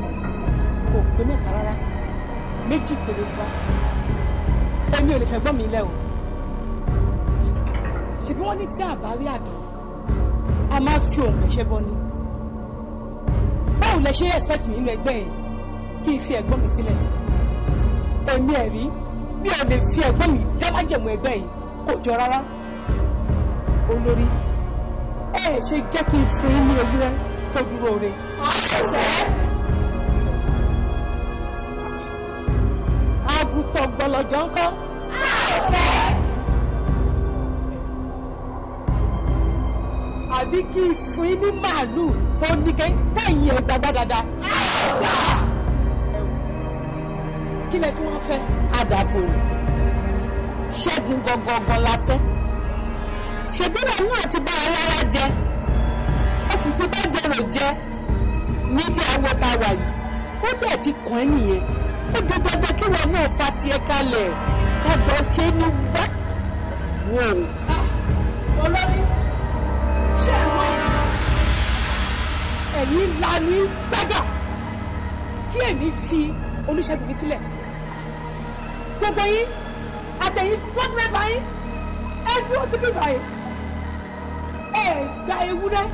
kò pé mẹ́ta rárá méjì péré gbá èmi ò lè fẹ́ gbọ́n mi lẹ́ o ṣebí wọ́n ní tí àbárí àdán a máa fi òun ẹ̀ṣẹ́ bọ́ ni báwo lẹ ṣe expect nínú ẹgbẹ́ ẹ̀ kí n fi ẹ̀gbọ́n mi sílẹ̀ èmi ẹ̀rí mi ò lè fi ẹ̀gbọ́n mi dá májẹ̀mú ẹgbẹ́ yìí kò jọ rárá olórí ẹ ẹ ṣe jẹ́ kí n fún yín ní ewúrẹ́ tó dúró re. àgùntàn gbọlọjọ ń kọ́. àbí kí n fún yín ní màálù tó ní kẹ́ńtẹ́yìn ẹ̀gbàgbà dáadáa kí lẹ tí wọ́n fẹ́. àdàfòrò ṣẹ́gun gangan la fẹ́ ṣègbéra náà ti bá alára jẹ ó sì ti bá jẹrò jẹ níbi àwọn tá a wà yìí ó dẹ̀ ti kàn ẹ́ nìyẹn ó di dandan kí wọn náà fa tiẹ̀ kalẹ̀ ká lọ ṣe ní wá wò. Ah, olórí ṣé ẹ mọ ẹ̀yin ńlá ní gbàgà kí èmi fi Olúṣẹ́gun mi sílẹ̀ gbogbo yín àtẹ̀yìn fọ́tẹ́rẹ́ báyìí ẹ dúró síbí báyìí ẹ gba ewúrẹ́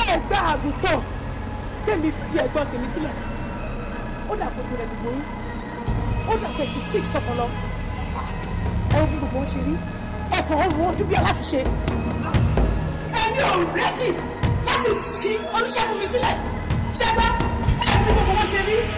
ẹ gba àgùntàn tẹ̀mí fi ẹ̀gbọ́n tèmi sílẹ̀ ó dà kó tirẹ̀ gbogbo yín ó dà twenty six ọpọlọ ẹ ó bí gbogbo wọn ṣe rí ẹ̀fọ́ ọ̀rùn ojú bí aláṣẹ ẹni ò rẹ́dì láti fi Olúṣẹ́gun mi sílẹ̀ ṣẹ́gbẹ́ ẹ bí gbogbo wọn ṣe rí.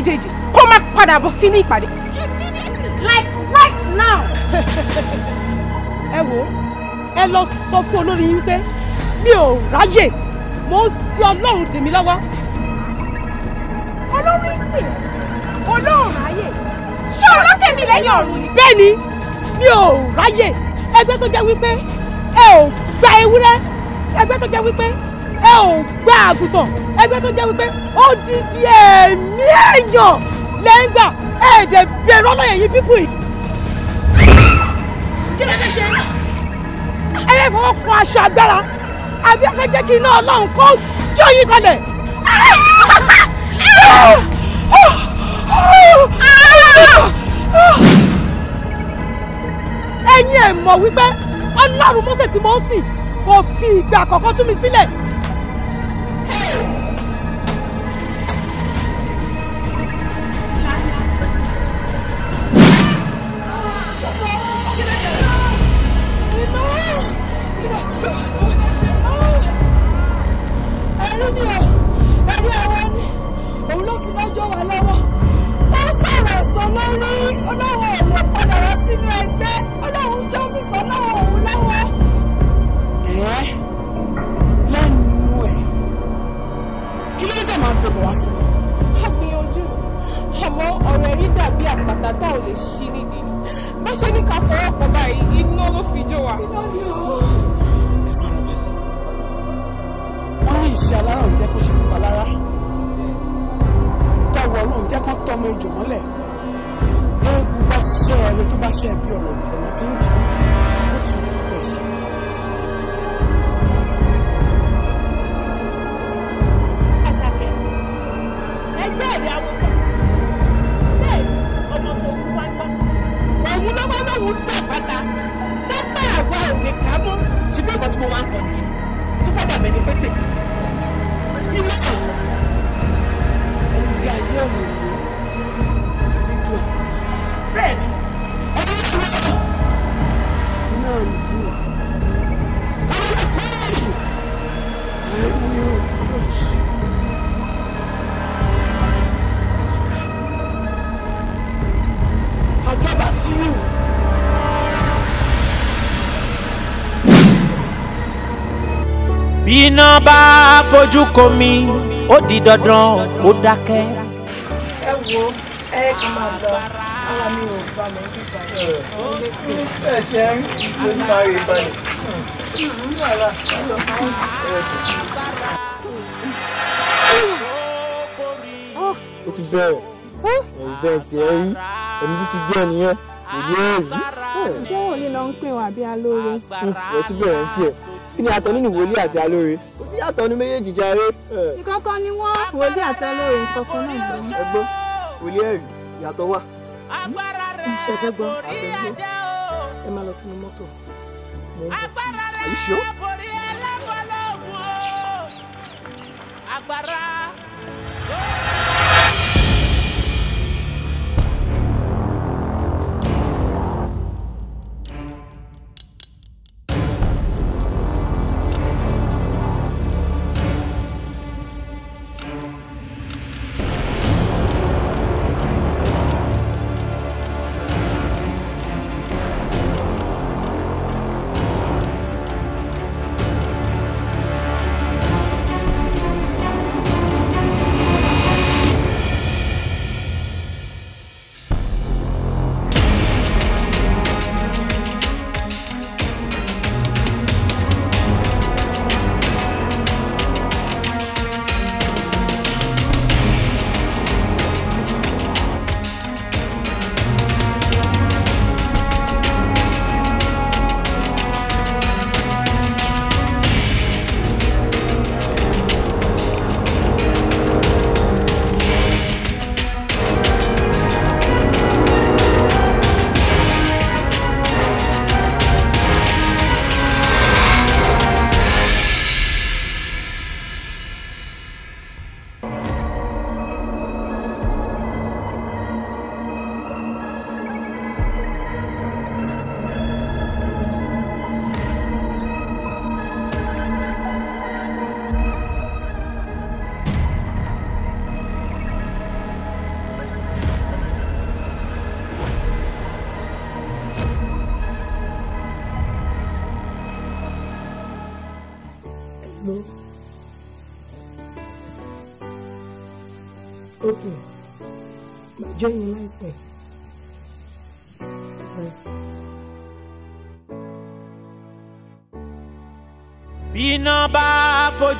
méjèèjì kó má padà bọ̀ sínú ìpàdé. like right now. ẹ wo ẹ lọ sọ fún olórí yín pé mi ò ráyè mo ń sin ọlọ́run tèmi lọ́wọ́. olórí pè olóòrùn ráyè ṣé ọlọ́tẹ̀ mi lẹ́yìn ọ̀run ni. bẹ́ẹ̀ ni mi ò ráyè ẹgbẹ́ tó jẹ́ wípé ẹ ò gba ewúrẹ́ ẹgbẹ́ tó jẹ́ wípé ẹ ò gba àgùntàn ẹgbẹ́ tó jẹ́ wípé odidi ẹ̀mí èèyàn lẹ́ngbà ẹ̀ẹ́dẹ̀ bẹ̀rẹ̀ ọlọ́yẹ̀ yìí pípù yìí. kí ló fẹ́ ṣe é ẹ fẹ́ fọwọ́ kun aṣọ agbára àbí ẹ fẹ́ jẹ́ kí iná ọlọ́run kó jó yín kalẹ̀. ẹ̀yin ẹ̀ mọ̀ wípé ọlọ́run mọ́sẹ̀ tí mo ń sìn kò fi ìgbà àkọ́kọ́ tú mi sílẹ̀. fídíò wa. wọ́n ní ìṣe alára òun jẹ́ kó ṣe nípa lára dáwọ́ ọlọ́run jẹ́ kó tọ́ ọmọ ìjọ mọ́lẹ̀ eégún bá ṣe ẹ̀rẹ́ tó bá ṣe ẹ̀bí ọ̀rọ̀ ìgbàlódé fi ń jù. téèyàn bá fojú ko mi ó di dandan kó dákẹ́. ẹ wo ẹ kì máa lọ ara mi ò bá mi bí balẹ̀ ẹ jẹ́ lórí máa rí balẹ̀ ó ti bẹ̀rẹ̀ ìbẹ̀ tí ẹ rí ẹni tó ti gbé ẹ nìyẹn èyí ẹ rí. ṣé wòlíì ló ń pè wá bí alóore. ẹ ti bẹ̀rẹ̀ ní tiẹ̀ kí ni atọ́ nínú wòlíì àti alóore yàtọ̀ ní méjèèjì jàre. ìkọ̀kọ̀ ni wọ́n. wòlíì àtẹlóyè ìkọ̀kọ̀ náà ni wọ́n. ẹ gbọ́ wòlíì ẹ̀rí yàtọ̀ wà. agbára rẹ̀ borí ẹ̀jẹ̀ o. ẹ máa lọ sínú mọ́tò. agbára rẹ̀ borí ẹlẹ́gbọ̀lọ́gùn o. agbára.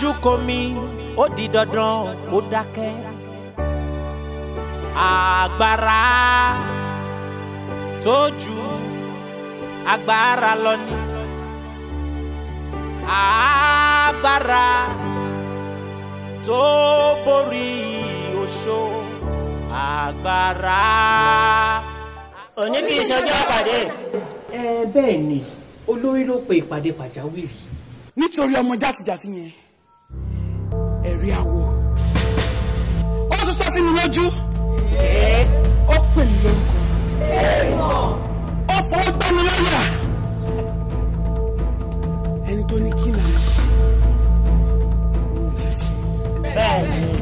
dojú kọ mi ó di dandan ó dákẹ́. àgbàrá tó ju agbára lọ ni agbára tó borí oṣó agbára. òní kì í ṣojú àpàdé. ẹ bẹ́ẹ̀ ni olórí ló pe ìpàdé pàjáwìrì. nítorí ọmọ játijàti yẹn ìgbéyàwó ó tún sọ sí mi lójú ó pè mí lórúkọ ó fọwọ́ gbá mi lọ́yà ẹni tó ní kí n máa ṣe òun máa ṣe bẹ́ẹ̀ ni.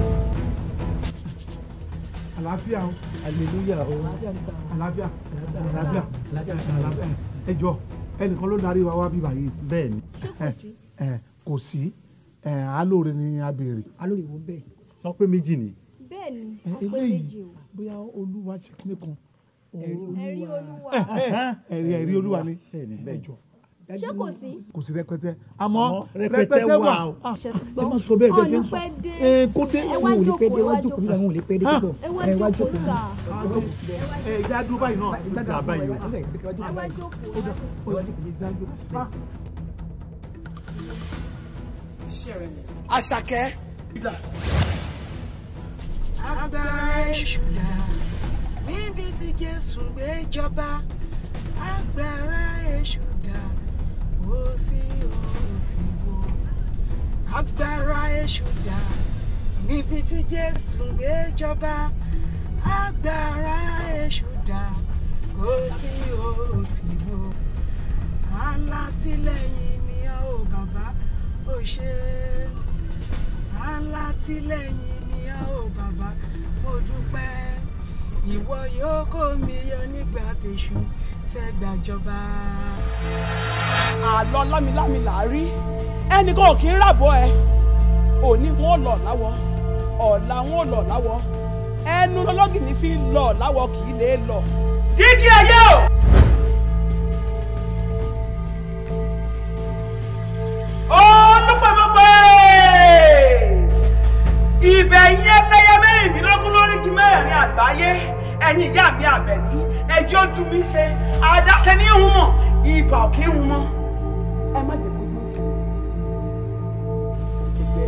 àlàáfíà o àlèlúyà o àlàáfíà àlàáfíà àlàáfíà ẹ jọ ẹnìkan ló darí wa wá bí báyìí. bẹ́ẹ̀ ni kò sí ẹ alóore ni a béèrè. alóore wo bẹ́ẹ̀. sọ pé méjì ni. bẹ́ẹ̀ ni ọpẹ méjì o. bóyá olúwa ṣe kíni kan. ẹ̀rí olúwa. ẹ̀rí ẹ̀rí olúwa ni. bẹ́ẹ̀ jọ ṣé kò sí. kò sí rẹpẹtẹ àmọ́ rẹpẹtẹ wà o. Ah, ẹ má sọ bẹ́ẹ̀ bẹ́ẹ̀ ṣe ń sọ ẹ kó dé àwọn ò lè pé dé wájú kò ní àwọn ò lè pé dé púpọ̀ ẹ wájú kò ní. ẹ ìdádúró báyìí náà ìdádúró báyìí o. ẹ wájú kò ní àṣàkẹ́. níbi tí jésù gbé jọba agbára èṣùdà kò sí ohun tí wo agbára èṣùdà níbi tí jésù gbé jọba agbára èṣùdà kò sí ohun tí wo alátìlẹ́yìn ni ó bàbá ó ṣe alátìlẹ́yìn ni a ó bàbá mo dúpẹ́ ìwọ yóò kó mi yọ nígbà tèṣù fẹ́ gbàjọba. àlọ́ lámilámi là á rí ẹnìkan ò kí ń ràbọ̀ ẹ òní wọn lọ láwọ ọ̀la wọn lọ láwọ ẹnu lọlọ́gìnì fi ń lọ láwọ kì í lè lọ. dídí ayé o. ìbẹ̀ yín ẹlẹ́yẹ mẹ́rìndínlógún lórí igi mẹ́rẹ̀ẹ̀rin àgbáyé ẹ̀yin ìyá mi àbẹ̀ní ẹjọ́ ojú mi ṣe àdáṣe ní ìhun mọ̀ ibà òkè ìhun mọ́ ẹ má jẹ́ kojú ti mi.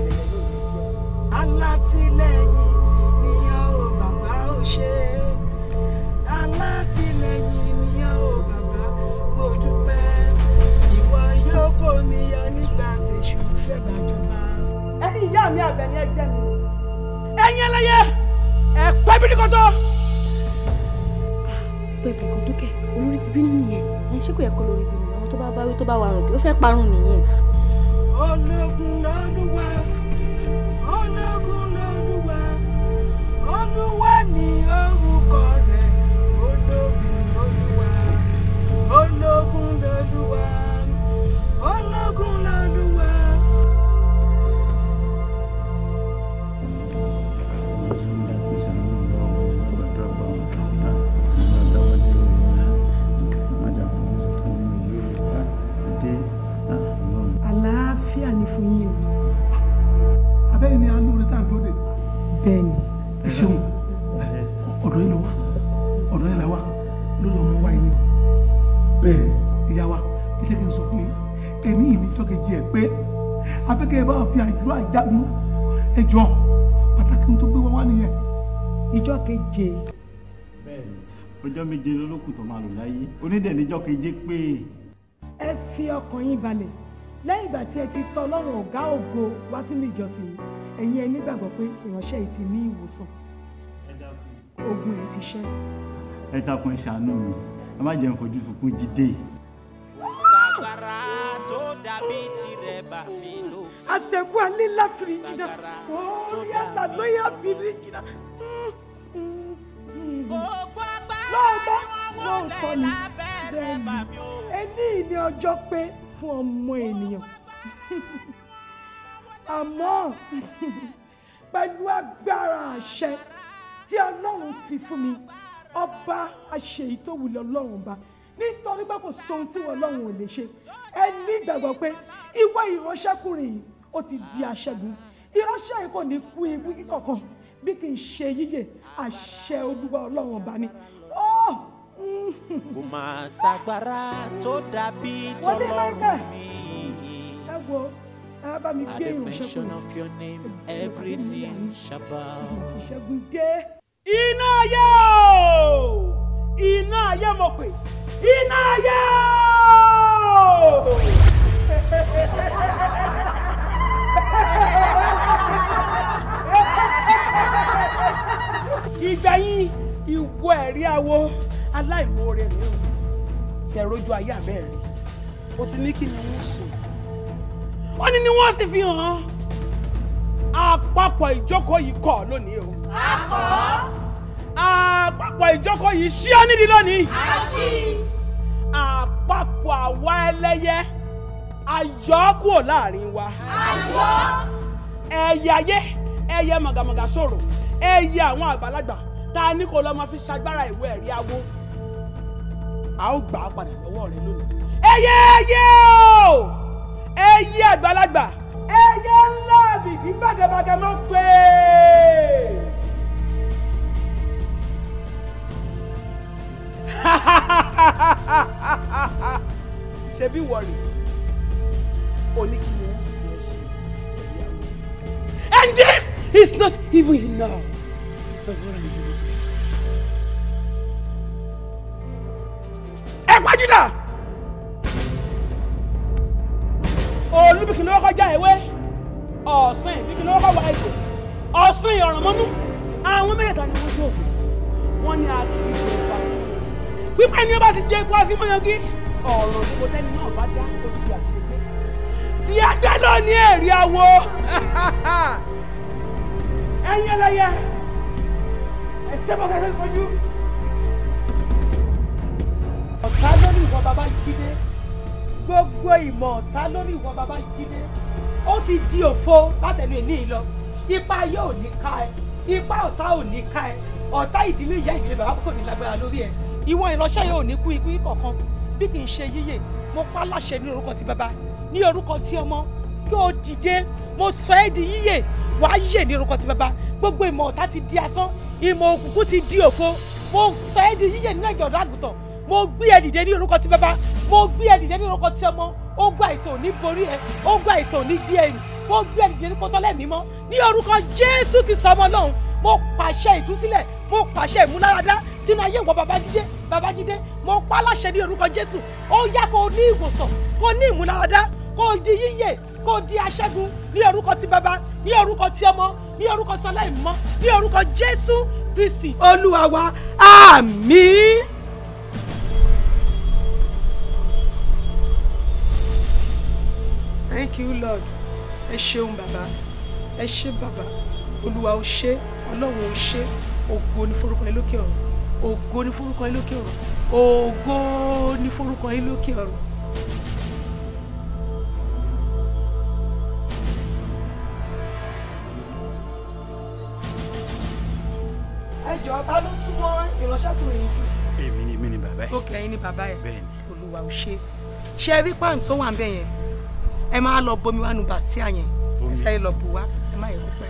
alátìlẹyìn ni a ò bàbá ò ṣe alátìlẹyìn ni a ò bàbá mo dúpẹ́ ìwọ yóò kó mi yọ nígbà tẹ̀sùn fẹ́ gbàjọba. ẹ̀yin ìyá mi àbẹ̀ní ẹ jẹ́ mi ẹ̀yin ẹlẹ́yẹ ẹ pẹ́ bí nìkọ́tọ́. pé bìkọ́tọ́ kẹ olórí ti bínú nìyẹn ẹ ṣé kò yẹ kó lórí bínú àwọn tó bá bá wí tó bá wà rùn bí ó fẹ́ parun nìyẹn. ológun lọ́dúnwá ológun lọ́dúnwá olúwa ni orúkọ rẹ̀ ológun lọ́dúnwá ológun lọ́dúnwá ológun lọ́dúnwá. bẹ́ẹ̀ ni. ẹ ṣeun ọ̀dọ̀ yìí ló wá ọ̀dọ̀ yìí là wá ló lọ́ mú wá yìí bẹ́ẹ̀ ìyá wa ilé kí n sọ fún yín ẹni yìí ní jọ́kejì ẹ̀ pé abẹ́kẹ́ ẹ bá fi àdúrà jágun ẹ jọ pàtàkì tó gbé wá wá nìyẹn. ìjọ keje. bẹ́ẹ̀ni ọjọ́ méje lólókùn tó máa lò láyé onídẹ̀ níjọ́ keje pé. ẹ fi ọkàn yín balẹ̀ lẹ́yìn ìgbà tí ẹ ti tọ́ ọlọ́run ọ̀gá ògo wá sínú ìjọsìn yìí ẹ̀yin ẹ nígbàgbọ́ pé ìránṣẹ́ yìí ti ní ìwòsàn ogun ẹ̀ ti ṣẹ́. ẹ dákun ẹ ṣàánú mi ẹ má jẹ́ n fojú sunkún jíde. sàgbára tó dàbí tirẹ̀ bà mí ló. àtẹ̀kù alẹ́ la fìrí jìnnà orí àlà ló yà fìrí jìnnà. gbogbo agbára ni wọ́n wọlé lábẹ́rẹ́ bà mí o. ẹ ní ìní ọjọ́ pé fún ọmọ ènìyàn àmọ́ pẹ̀lú agbára àṣẹ tí ọlọ́run fi fún mi ọba àṣeyìí tó wulẹ̀ ọlọ́run ọba nítorí pé kò sóhun tí wọn lọ́run ò lè ṣe ẹ ní ìgbàgbọ́ pé ìwọ ìránṣẹ́kùnrin yìí ó ti di aṣẹ́gun ìránṣẹ́ yìí kò ní fún ewu kíkọ̀kan bí kì í ṣe yíyẹ àṣẹ olúwa ọlọ́run ọba ni. Oh, hmm. kò máa ṣàgbára tó dàbí tọ́lọ́run mi. At the mention of your name, every knee shall bow. Iná ayé o! Iná ayé mo pè! Iná ayé o! Ìgbà yín ìwọ ẹ̀rí awo aláìmoore rèé o. Ṣẹ̀rọ̀jú ayé àbẹ́rẹ́. O ti ní kí ni wọ́n sìn wọ́n ní ni wọ́n sì fi hàn án àpapọ̀ ìjókòó yìí kọ̀ lónìí o. akọ. àpapọ̀ ìjókòó yìí ṣí ọ nídìí lónìí. a ṣí. àpapọ̀ àwa ẹlẹ́yẹ ayọ̀ kúrò láàrin wa. ayọ̀. ẹyẹ ayé ẹyẹ màgàmàgà sọ̀rọ̀ ẹyẹ àwọn àgbàlagbà tá a ní kó lọ́ọ́ máa fi ṣagbára ìwé ẹ̀rí awo a ó gbà á padà lọ́wọ́ rẹ lónìí. ẹyẹ ẹyẹ o ẹyẹ àgbàlagbà ẹyẹ ńlá bìbí bàgàbàgà mọ́ pé. ṣebí wọ̀rì oníkìlẹ̀ ń fi ẹ ṣe ìyàwó. And this is not even enough. ẹ pàjùdà. ọ̀sìn ìbíkí ló kọ́ wá ẹ̀jẹ̀ ọ̀sìn ọ̀ràn mọ́nú àwọn mẹ́ta ni wọ́n jókòó wọ́n ní àkìrí ṣe ipa sí i pípẹ́ ni wọ́n bá ti jẹ́ ipa sí mọ́yangí ọ̀rọ̀ tó tẹ́ni náà bá dá ó ti di àṣegbé tí a gbẹ́ lọ ní èrè awo ẹ̀yin ẹlẹ́yẹ ẹ̀ṣẹ́ bá fẹ́ẹ́ fojú ọ̀tá lórí ìwọ bàbá ìjídé gbogbo ìmọ̀ ọ̀tá lórí ìwọ bàbá ìjídé ó ti di òfo látẹnu ìní yìí lọ ipa yóò ní ká ẹ ipa ọ̀tá ò ní ká ẹ ọ̀tá ìdílé ìyá ìdílé bàbá kò ní lágbára lórí ẹ ìwọ ìránṣẹ́ yóò ní kú ikú kankan bí kì í ṣe yíyè mo pa láṣẹ ní orúkọ ti bàbá ní orúkọ ti ọmọ kí o dìde mo sọ ẹ́ di yíyè wàá yè ní orúkọ ti bàbá gbogbo ìmọ̀ ọ̀tá ti di asán ìmọ̀ òkùnkùn ti di òfo mo sọ ẹ́ di yíyè nínú ẹ̀jọ̀ ọ̀dọ́ àgùntàn mo gbé ẹ dìde ní orúkọ ti bàbá mo gbé ẹ dìde ní orúkọ ti ọmọ ogun àìsàn ò ní borí ẹ ogun àìsàn ò ní gbé ẹ̀yìn mo gbé ẹ dìde ní kọtọlẹ mímọ́ ní orúkọ Jésù Kristi ọmọ Ọlọ́run mo pàṣẹ ìtúsílẹ̀ mo pàṣẹ ìmúláradá sínú ayé ìwọ babájídé babájídé mo pa láṣẹ ní orúkọ Jésù ó yá kó o ní ìwòsàn kó o ní ìmúláradá kó o di yíyè kó o di aṣẹ́gun ní orúkọ ti bàbá ní orúkọ ti ọmọ ní orúkọ ti ọlọ́ìmọ́ ní orúkọ Jésù Kristi olúwa wa àmín. thank you lord ẹ ṣeun bàbá ẹ ṣe bàbá olúwa ó ṣe ọlọ́run ó ṣe ògo ní forúkọ yín lókè ọ̀run ògo ní forúkọ yín lókè ọ̀run ògo ní forúkọ yín lókè ọ̀run. ẹjọ ta ló súnmọ́ ìránṣẹ́ tó yẹn jù. èmi ni èmi ni bàbá yẹn. ó kẹ́yìn ni bàbá yẹn. olúwa ò ṣe ṣe rí pàǹtó wà ń bẹ yẹn ẹ máa lọ bomi wánu bà sí àyẹn ẹ sáré lọ bù wá ẹ má yẹ kó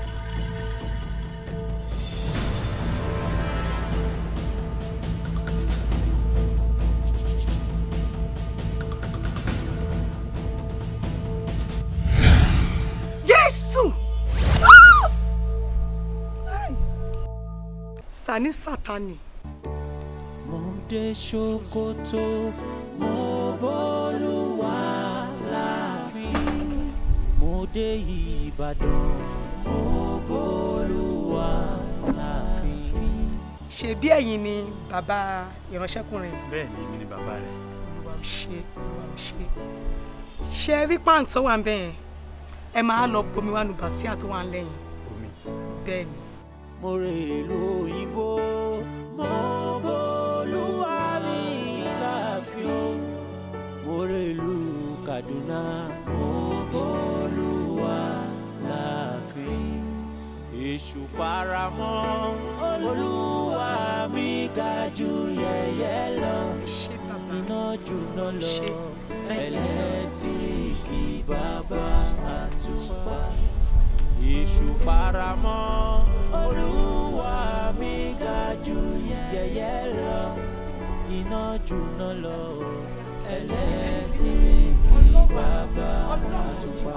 Sani Sátánì. Mo dé ṣòkòtò mo bọ́. dé ìbàdàn ògbólúwa láàfin. ṣebí ẹ̀yin ni bàbá ìránṣẹ́kùnrin. bẹ́ẹ̀ ni èmi ni bàbá rẹ̀. olúwa ò ṣe olúwa ò ṣe ṣe rí pàǹtọ́ wà ń bẹ̀yẹn ẹ máa lọ bomi wánu bàṣíà tó wà ń lẹ́yìn. omi bẹ́ẹ̀ ni. mo rè lo òyìnbó mo gbólúwa mi láàfin èṣù paramọ́ olúwa mi ga jù yẹ̀yẹ́ lọ iná jùná lọ ẹlẹ́tíríkì bàbá àtùpà èṣù paramọ́ olúwa mi ga jù yẹ̀yẹ́ lọ iná jùná lọ ẹlẹ́tíríkì bàbá àtùpà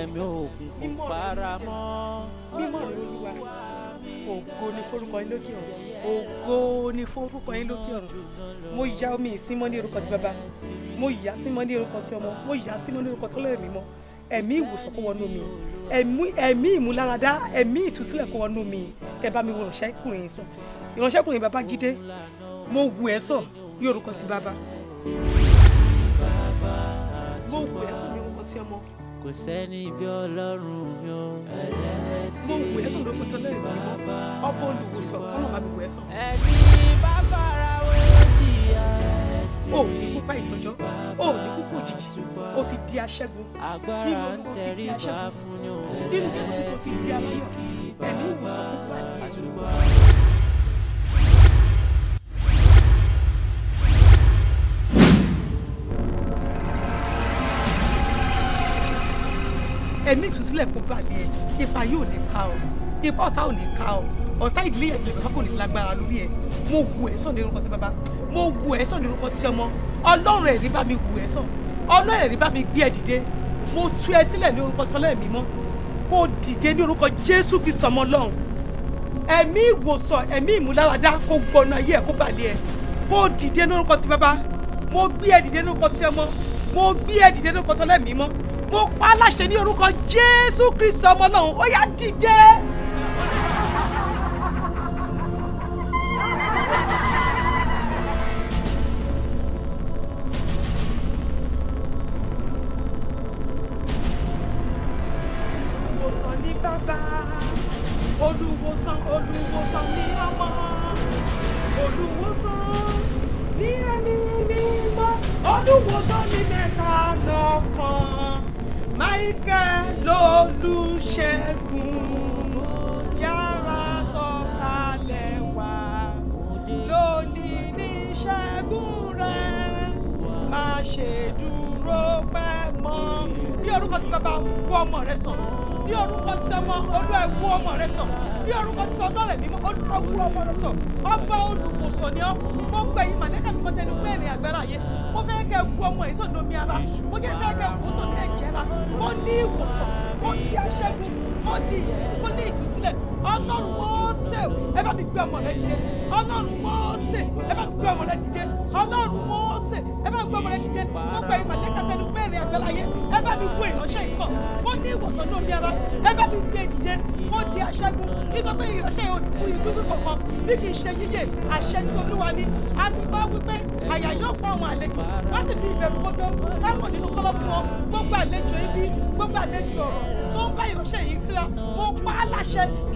ẹ̀mí òkùnkùn paramọ́ mímọ́ rẹ olúwa ògo ni forúkọ yín lókè ọ̀run ògo ni forúkọ yín lókè ọ̀run mo ya omi ìsímọ́ ní orúkọ ti bàbá mo yà símọ́ ní orúkọ ti ọmọ mo yà símọ́ ní orúkọ tó lẹ́yìn mímọ́ ẹ̀mí ìwòsàn kó wọnú mi ẹ̀mí ìmúláradá ẹ̀mí ìtúsílẹ̀ kó wọnú mi kẹ́ bá mi wo ìránṣẹ́kùnrin sàn ìránṣẹ́kùnrin bàbá jídé mo wù ẹ́ sàn ní orúkọ ti bàbá mo wù ẹ́ sàn ní orúkọ ti ọmọ kò sẹ́ni bí ọlọ́run mi ò. ẹlẹ́tì bàbá ọkọ olùkùsọ kọ́nà bá mi wẹ̀ sàn. ẹni bá fara wo jìyà ẹtì bàbá. Oh, o ní kúpa ìtọ́jọ́ o oh, ní kúkú òjijì o ti di aṣẹ́gun agbára ń tẹrí bá fún ni o. nínú jésù kìí tó ẹ̀mí ìtúsílẹ̀ kó balẹ̀ ipa yóò ní ká ọ ipa ọ̀tá ò ní ká ọ ọ̀tá ìdílé ẹ̀jẹ̀ bàbá kò ní lágbára lórí ẹ̀ mo wù ẹ́ sàn ní orúkọ sí bàbá mo wù ẹ́ sàn ní orúkọ sí ọmọ ọlọ́run ẹ̀rí bá mi wù ẹ́ sàn ọlọ́run ẹ̀rí bá mi gbé ẹ dìde mo tú ẹ sílẹ̀ ní orúkọ tọ́lá ẹ̀mí mọ́ kó dìde ní orúkọ jésù kì í sọmọ ọlọ́run ẹ̀mí ìwòsàn ẹ̀mí ìmúláradá kó gbọ́nà ayé ẹ̀ kó balẹ̀ ẹ̀ kó dìde ní orúkọ ti bàbá mo gbé ẹ dìde ní orúkọ ti ọmọ mo gbé ẹ dìde ní orúkọ tọ́lá ẹ̀mí mọ́ mo pa á láṣẹ ní orúkọ Jésù Kristi ọmọ Ọlọ́run ó yá dìde.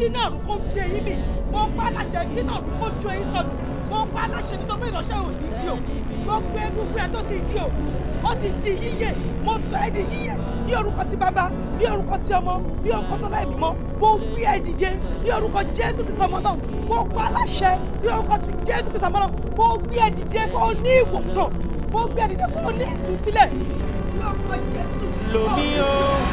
kí náà kó gbé yín mi mo pa láṣẹ kí kó jó yín sọnù mo pa láṣẹ nítorí pé ìránṣẹ́ ò ti di o gbogbo ẹ tó ti di o ó ti di yíyẹ mo sọ ẹ di yíyẹ ní orúkọ ti bàbá ní orúkọ ti ọmọ ní orúkọ tó láì mímọ́ mo wí ẹ dìde ní orúkọ Jésù Kristi ọmọ náà mo pa láṣẹ ní orúkọ ti Jésù Kristi ọmọ náà mo wí ẹ dìde kó o ní ìwòsàn mo wí ẹ dìde kó o ní ìtúsílẹ̀ ní orúkọ Jésù. lomi ooo.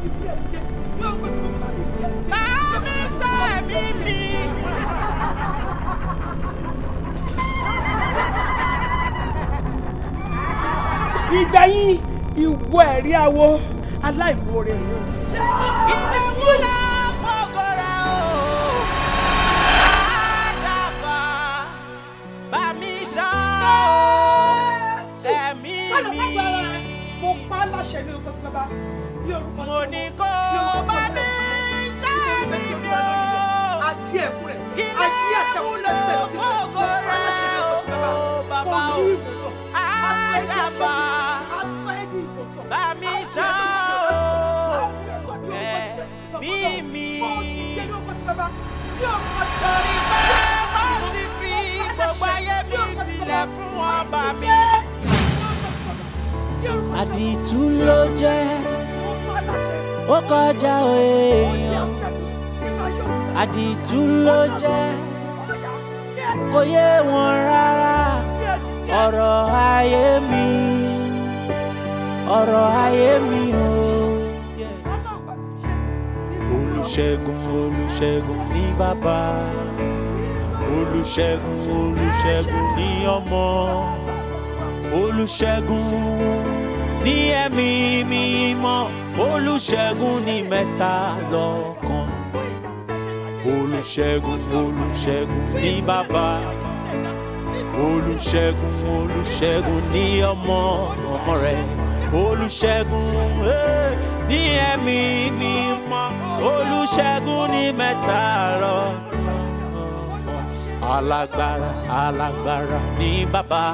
Mami ṣe mi mi. Ìgbẹ̀yìn ìwọ ẹ̀rí awo aláìmoore rèé o. Ìdàkúlà àdàbà bàmí ṣá o, sẹ̀mí mi. Mo pa á láṣẹ ní ọkọ̀ sí bàbá mo ní kó bá mi já mi bí o. àti ẹ̀kú rẹ̀ àti oh, bàbá o àdàbà bá mi já o ẹ̀mí mi. Sori pé mo ti fi gbogbo ayé mi sílẹ̀ fún ọba mi. Àdìtú ló jẹ́ ó kọjá èèyàn àdìtú ló jẹ́ kò yé wọn rárá ọ̀rọ̀ ayé mi ọ̀rọ̀ ayé mi o. olùṣègùn olùṣègùn ní bàbá olùṣègùn olùṣègùn ní ọmọ olùṣègùn ní ẹ̀mí mímọ́ olùṣègùn ní mẹ́ta lọ́kan olùṣègùn olùṣègùn ní bàbá olùṣègùn olùṣègùn ní ọmọ ọmọ rẹ̀ olùṣègùn eh, ní ẹ̀mí mímọ́ olùṣègùn ní mẹ́ta lọ́kan alágbára alágbára ní bàbá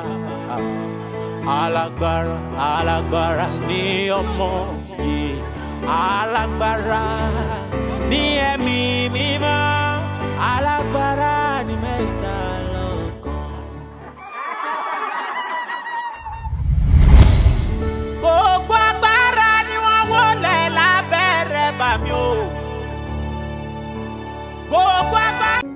alágbára alagbara ni ọmọ Alagbara ni ní ẹ̀mí mímọ́ alágbára ní mẹ́ta lọ́kan. gbogbo agbára ni wọ́n wọlé lábẹ́rẹ́ bàmí o gbogbo agbára.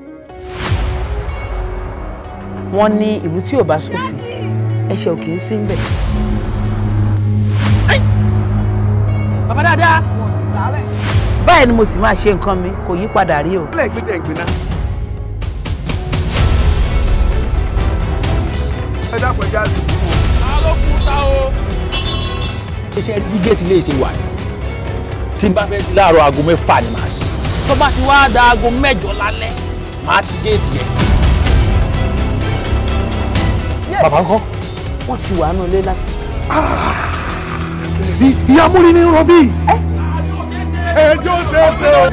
wọ́n ní ìlú tí ò bá sófin ẹ̀ṣẹ̀ ò kì í sí ń bẹ̀. bàbá dáadáa báyìí ni mo sì máa ṣe nǹkan mi kò yí padà rí o. ilé o. iṣẹ́ gbígbé ti lè ṣe wà ní tí n bá fẹ́ sí láàárọ̀ aago mẹ́fà ni màá sí. tó bá ti wá da aago mẹ́jọ lálẹ́ màá ti géètì yẹn. bàbá ń kọ́ wọ́n ti wà nù lé láti. ìyá múri ni rọbí. ẹjọ́ ṣeéṣe o.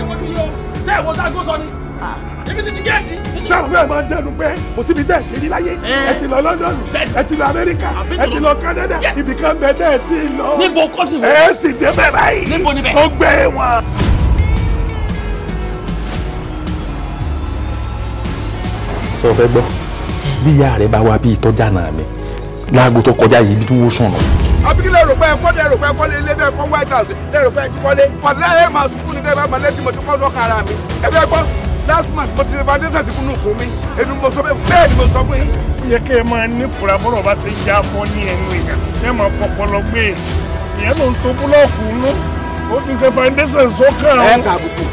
ṣé ìwọ tá a gbọ́ sọ ni. Ah. ibi ti ti gẹ́ẹ̀tì. sáà bẹ́ẹ̀ máa ń dẹnu pé kò síbi tẹ̀ kiri láyé eh. ẹ ti lọ London ẹ ti lọ Amẹ́ríkà ẹ ti lọ Canada ibì kan bẹ tẹ̀ ẹ ti lọ. níbo kọ́sì wo. ẹ sì débẹ̀ báyìí. níbo níbẹ̀. ó gbé e wọn. sọ fẹ́ gbọ́ bí ìyá rẹ bá wá bí ìtọ́jà náà mi láago tó kọjá yìí ibi tí wọ́n sùn lọ. àbíkí rò pé ẹ̀kọ́ lè rò pé ẹ̀kọ́ lè bẹ́ẹ̀ kọ́ white house lè rò pé ẹ̀kọ́ kọ́lé pàdé ẹ̀ máa sunkún ní bẹ́ẹ̀ máa lẹ́sìn mọ̀tò kọ́ lọ́kàn ara mi ẹ fẹ́ gbọ́ last month mo ti ṣe foundation sí kúnnù fún mi èmi mo sọ bẹ́ẹ̀ ni mo sọ fún yín. ó yẹ kẹ́ ẹ máa ní fura bọ́rọ̀ bá ṣe já fọ́ ní ẹnu èèyàn ẹ máa fọpọlọ gbé e. ìyẹn ló ń to búlọ́ọ̀kù ń lò ó ti ṣe foundation sókàn. ẹ kà àbùkù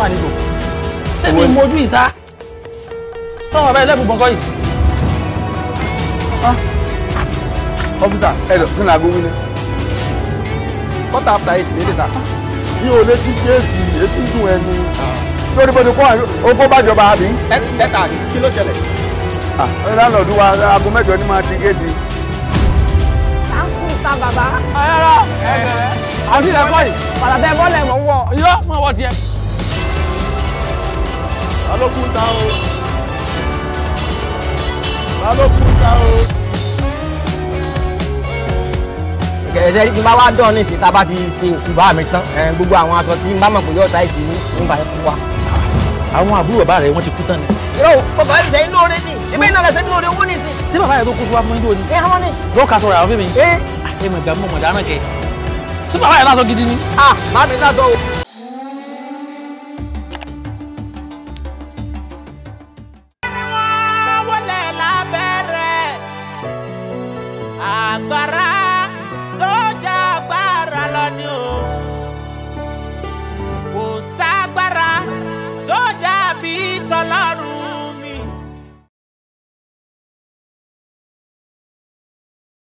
fún àlejò ṣé mi mojú ìsá tọ́wọ́ bẹ́ẹ̀ lẹ́bùn bọ́kọ́ yìí. ọ́fíìsà ah. ẹ lọ kí ni aago wí ni quarter after eight lédè sá bí o lè ṣí géètì ètí dùn ẹni lórí bó ti kó ogó bàjọba àbí. lẹ́tà kí ló ṣẹlẹ̀. Ah, ẹ lálọ́ọ̀dún wa aago mẹ́jọ ni máa ti géètì. à ń kú ìta bàbá. ẹ rárá ẹ bẹ̀rẹ̀ àti ilẹ̀ bọ́ọ̀lì. pàlàbẹ̀ bọ́ọ̀lì ẹ̀ mọ̀ yọ mọ̀ wọ̀ tiẹ̀ balógun ta o balógun ta o. ẹ̀sẹ̀ rí tí bá wá dán ní ìsìta bá ti ṣe òkú bá mi tán gbogbo àwọn aṣọ tí bá mọ̀ pé yóò ta ìsìn ní nígbà yẹn kú wa. àwọn àbúrò bàbá rẹ wọn ti kú tán ni. yóò bàbá rẹ sẹ́yìn lóore ni ìgbẹ́ iná lẹ́sẹ̀ lóore owó ní ìsìn. ṣé bàbá rẹ tó kú tó wá fún yín lónìí. ẹ hàn ní. yóò kà sọ̀rọ̀ àwọn fíìmù yìí. ẹ ẹ mọ̀ ìgbà mọ̀ mọ̀ dáná kẹ. ṣé bàbá rẹ náà sọ gidi ni. ah má mi náà sọ o.